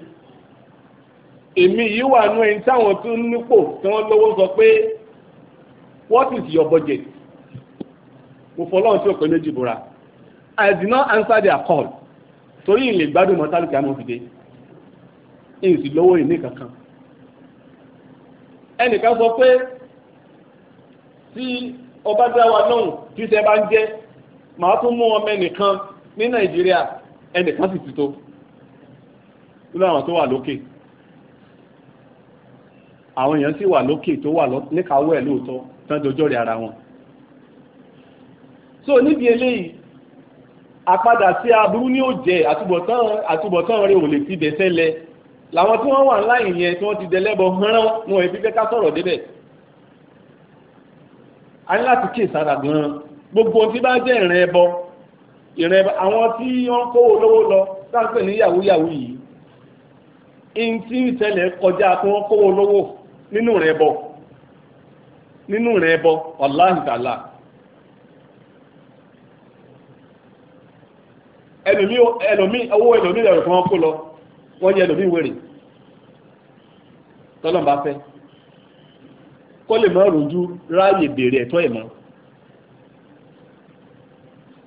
Speaker 1: èmi yìí wà nú ẹni táwọn tó nípò tí wọ́n lówó sọ pé what is your budget mo fọ ọlọ́run tí ò pé méjì búra I did not answer their call torí ìlè gbádùn mọ́tálùkì amọ̀fìdé ìsì lówó ìní kankan ẹnìkan sọ pé tí ọba dáwà náà tí sẹ bá ń jẹ màá tún mú ọmọ ẹnìkan ní Nàìjíríà ẹnìkan sì ti tó nínú àwọn tó wà lókè. Okay àwọn èèyàn sì wà lókè tó wà níkàáwọ́ ẹ̀ lóòótọ́ tán dojọ́ rẹ̀ ara wọn. so níbi eléyìí àpadà sí aburú ní òjẹ àtúbọ̀tán àtúbọ̀tán rẹ̀ ò lè fi bẹ̀ sẹ́lẹ̀ làwọn tí wọ́n wà láì yẹn tí wọ́n ti dẹlẹ́bọ hánrán wọn ò fi fẹ́ ká sọ̀rọ̀ débẹ̀. a ní láti kíyè sára gan-an gbogbo tí bá jẹ́ ìrìn ẹbọ ìrìn ẹbọ àwọn tí wọ́n kówó lówó lọ sáà ń pè ní yàwó yàwó yìí ìntí ìṣẹ̀lẹ̀ kọjá tí wọ́n kówó lówó nínú rẹ̀ bọ̀ nínú rẹ̀ bọ̀ wàláhì tàlà ẹlòmí owó ẹlòmí ẹ̀rọ tí kó lọ wọ́n yẹ ẹlòmí wèrè tọ́lọ́mbà fẹ́ kó lè mọ́ rojú ráàyè béèrè ẹ̀tọ́ ẹ̀ mọ́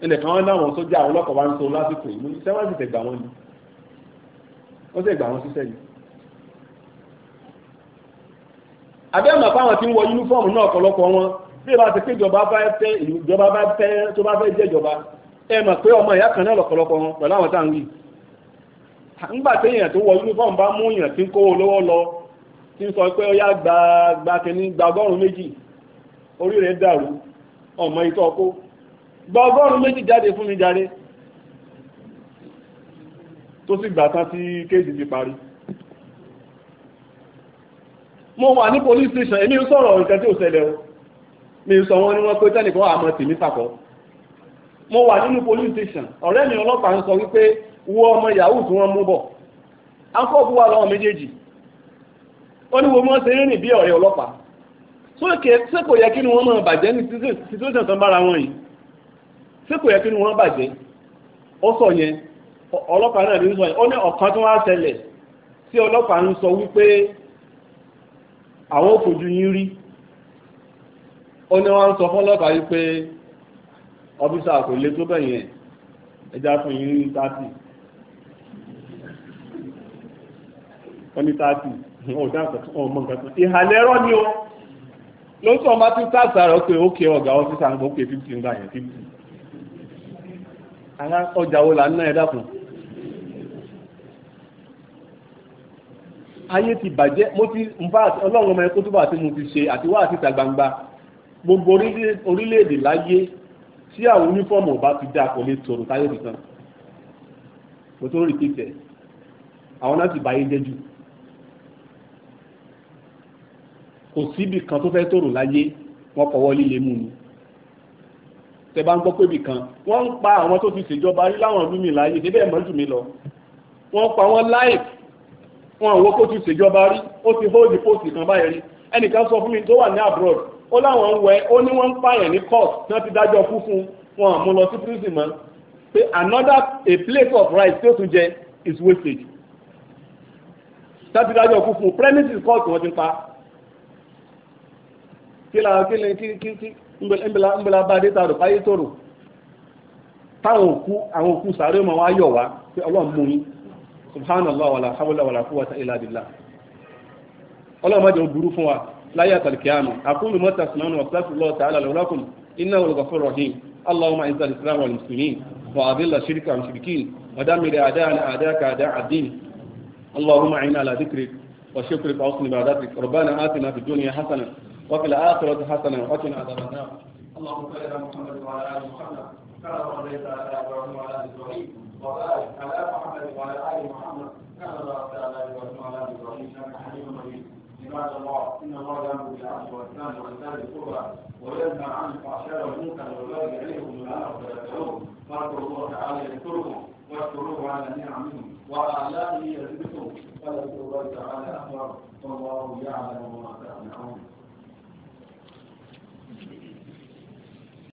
Speaker 1: ẹnìkan wọn láwọn sójà ọlọ́kọ̀ wa ń so lásìkò yìí mo ní sẹ́wọ́n sì tẹ̀ wọn ni wọn sì gbà wọn síṣẹ́ yìí àbẹ́mọ̀ fáwọn tí ń wọ yúnífọ́ọ̀mù náà ọ̀pọ̀lọpọ̀ wọn bí ìbá ti pé ìjọba bá fẹ́ ìjọba bá fẹ́ tó bá fẹ́ jẹ́jọba ẹ mọ̀ pé ọmọ ìyá kan náà lọ̀pọ̀lọpọ̀ wọn pẹ̀lú àwọn táwọn wí. nígbà tí èèyàn tó wọ yúnífọ́ọ̀mù bá mú èèyàn tí ń kówó lọ́wọ́ lọ tí ń sọ pé ó yá gba gba kìíní gba ọgọ́rùn-ún méjì orí rẹ̀ dàrú ọmọ ìtọ́ kó gba ọgọ́rùn-ún méjì jáde fún mi jáde tó sì gbà tán tí kéèsì ti parí mo wà ní police station èmi ń sọ̀rọ̀ nǹkan tí ò ṣẹlẹ̀ o mi sọ wọn ni wọ́n pé tẹ́nìkan àmọ́ tèmi sàkọ́ mo wà nínú police station ọ̀rẹ́ mi ọlọ́pàá ń sọ wípé wo ọmọ yahoo tí wọ́n mú bọ̀ akọ́bù wà lọ́wọ́ méjèèjì ó ní wo mọ́ ṣe rìn bí ọ̀rẹ́ ọlọ́pàá ṣé kò yẹ kí ni wọ́n máa bàjẹ́ ní situation tán bára wọn yìí ṣé kò yẹ kí ni wọ́n bàjẹ́ ó sọ yẹn ọlọ́pàá náà ló ń sọ yẹn ó ní ọ̀kan tó wá ṣẹlẹ̀ tí ọlọ́pàá ń sọ wípé àwọn òfojú yín rí ó ní wọ́n ń sọ fọ́lọ́pàá yìí pé ọ́fíìsà kò tó bẹ̀yẹn ẹja fún yín ní tààtì ó ní tààtì ọ̀dà ọmọ nǹkan kan ìhàlẹ̀ ẹ̀rọ ni o ló sọ ọmọ tí tààtì rẹ̀ pé ó ké ọ̀gá ọ́fíìsà ń pé ń yẹn ayé ti bàjẹ́ mo ti nfa ọlọ́run ọmọ ẹ̀kọ́ tó bá ti mo ti ṣe àti wá àti ìta gbangba gbogbo orílẹ̀-èdè láyé tí àwọn onífọ́ọ̀mù ọba ti dá kò lè tòrò táyé nìkan mo tó rí pípẹ́ àwọn náà ti báyé jẹ́ jù kò síbì kan tó fẹ́ tòrò láyé wọ́n kọ́wọ́ líle mú ni tẹ bá ń gbọ́ pé bìkan wọ́n ń pa àwọn tó ti ṣèjọba rí láwọn ọdún mi láyé débẹ̀ mọ́jú mi lọ wọ́n pa wọ́n láìpẹ́ wọn àwọn kó ti ṣèjọba rí ó ti hold the post kan báyìí rí ẹnìkan sọ fún mi tó wà ní abroad ó láwọn ń wẹ ó ní wọ́n ń pààyàn ní court náà ti dájọ́ kú fún wọn àmú lọ sí prison mọ́ pé another a place of right tó tún jẹ is wastage sábìdájọ́ kú fún premises court wọ́n ti pa kí la kí ni kí kí kí ńbẹ̀lá ńbẹ̀lá bá dé tààrọ̀ fáyé tòrò táwọn òkú àwọn òkú sàárè mọ́ wá yọ̀ wá ọlọ́run mú yín subhanallah wàlà hawla wàlà quwwata illa billah ọlọ́run má jẹ́ ó burú fún wa láyé àtàlùkìyàmù àkúlù mọ́tà sùnánù wàtàkùlọ́ tààlà lọ́lákùn iná olùgbàfọ́ rahim allahumma izzal islam wal muslimin wa adilla shirka wal mushrikin wa damir a'da'ana a'da'aka a'da'a ad-din allahumma a'inna ala dhikrik wa shukrik wa husni ibadatik rabbana atina fid dunya hasana wa fil akhirati hasana wa qina adhaban nar اللهم صل على محمد وعلى ال محمد كما صليت على ابراهيم وعلى ال ابراهيم وبارك على محمد وعلى ال محمد كما باركت على ابراهيم وعلى ال ابراهيم انك حميد مجيد عباد الله ان الله يامر بالعدل والاحسان وايتاء القربى وينهى عن الفحشاء والمنكر والبغي يعظكم لعلكم تذكرون فاذكروا الله تعالى يذكركم واشكروه على نعمه وعلى آلائه يزدكم فاذكروا الله تعالى اكبر والله يعلم ما تعملون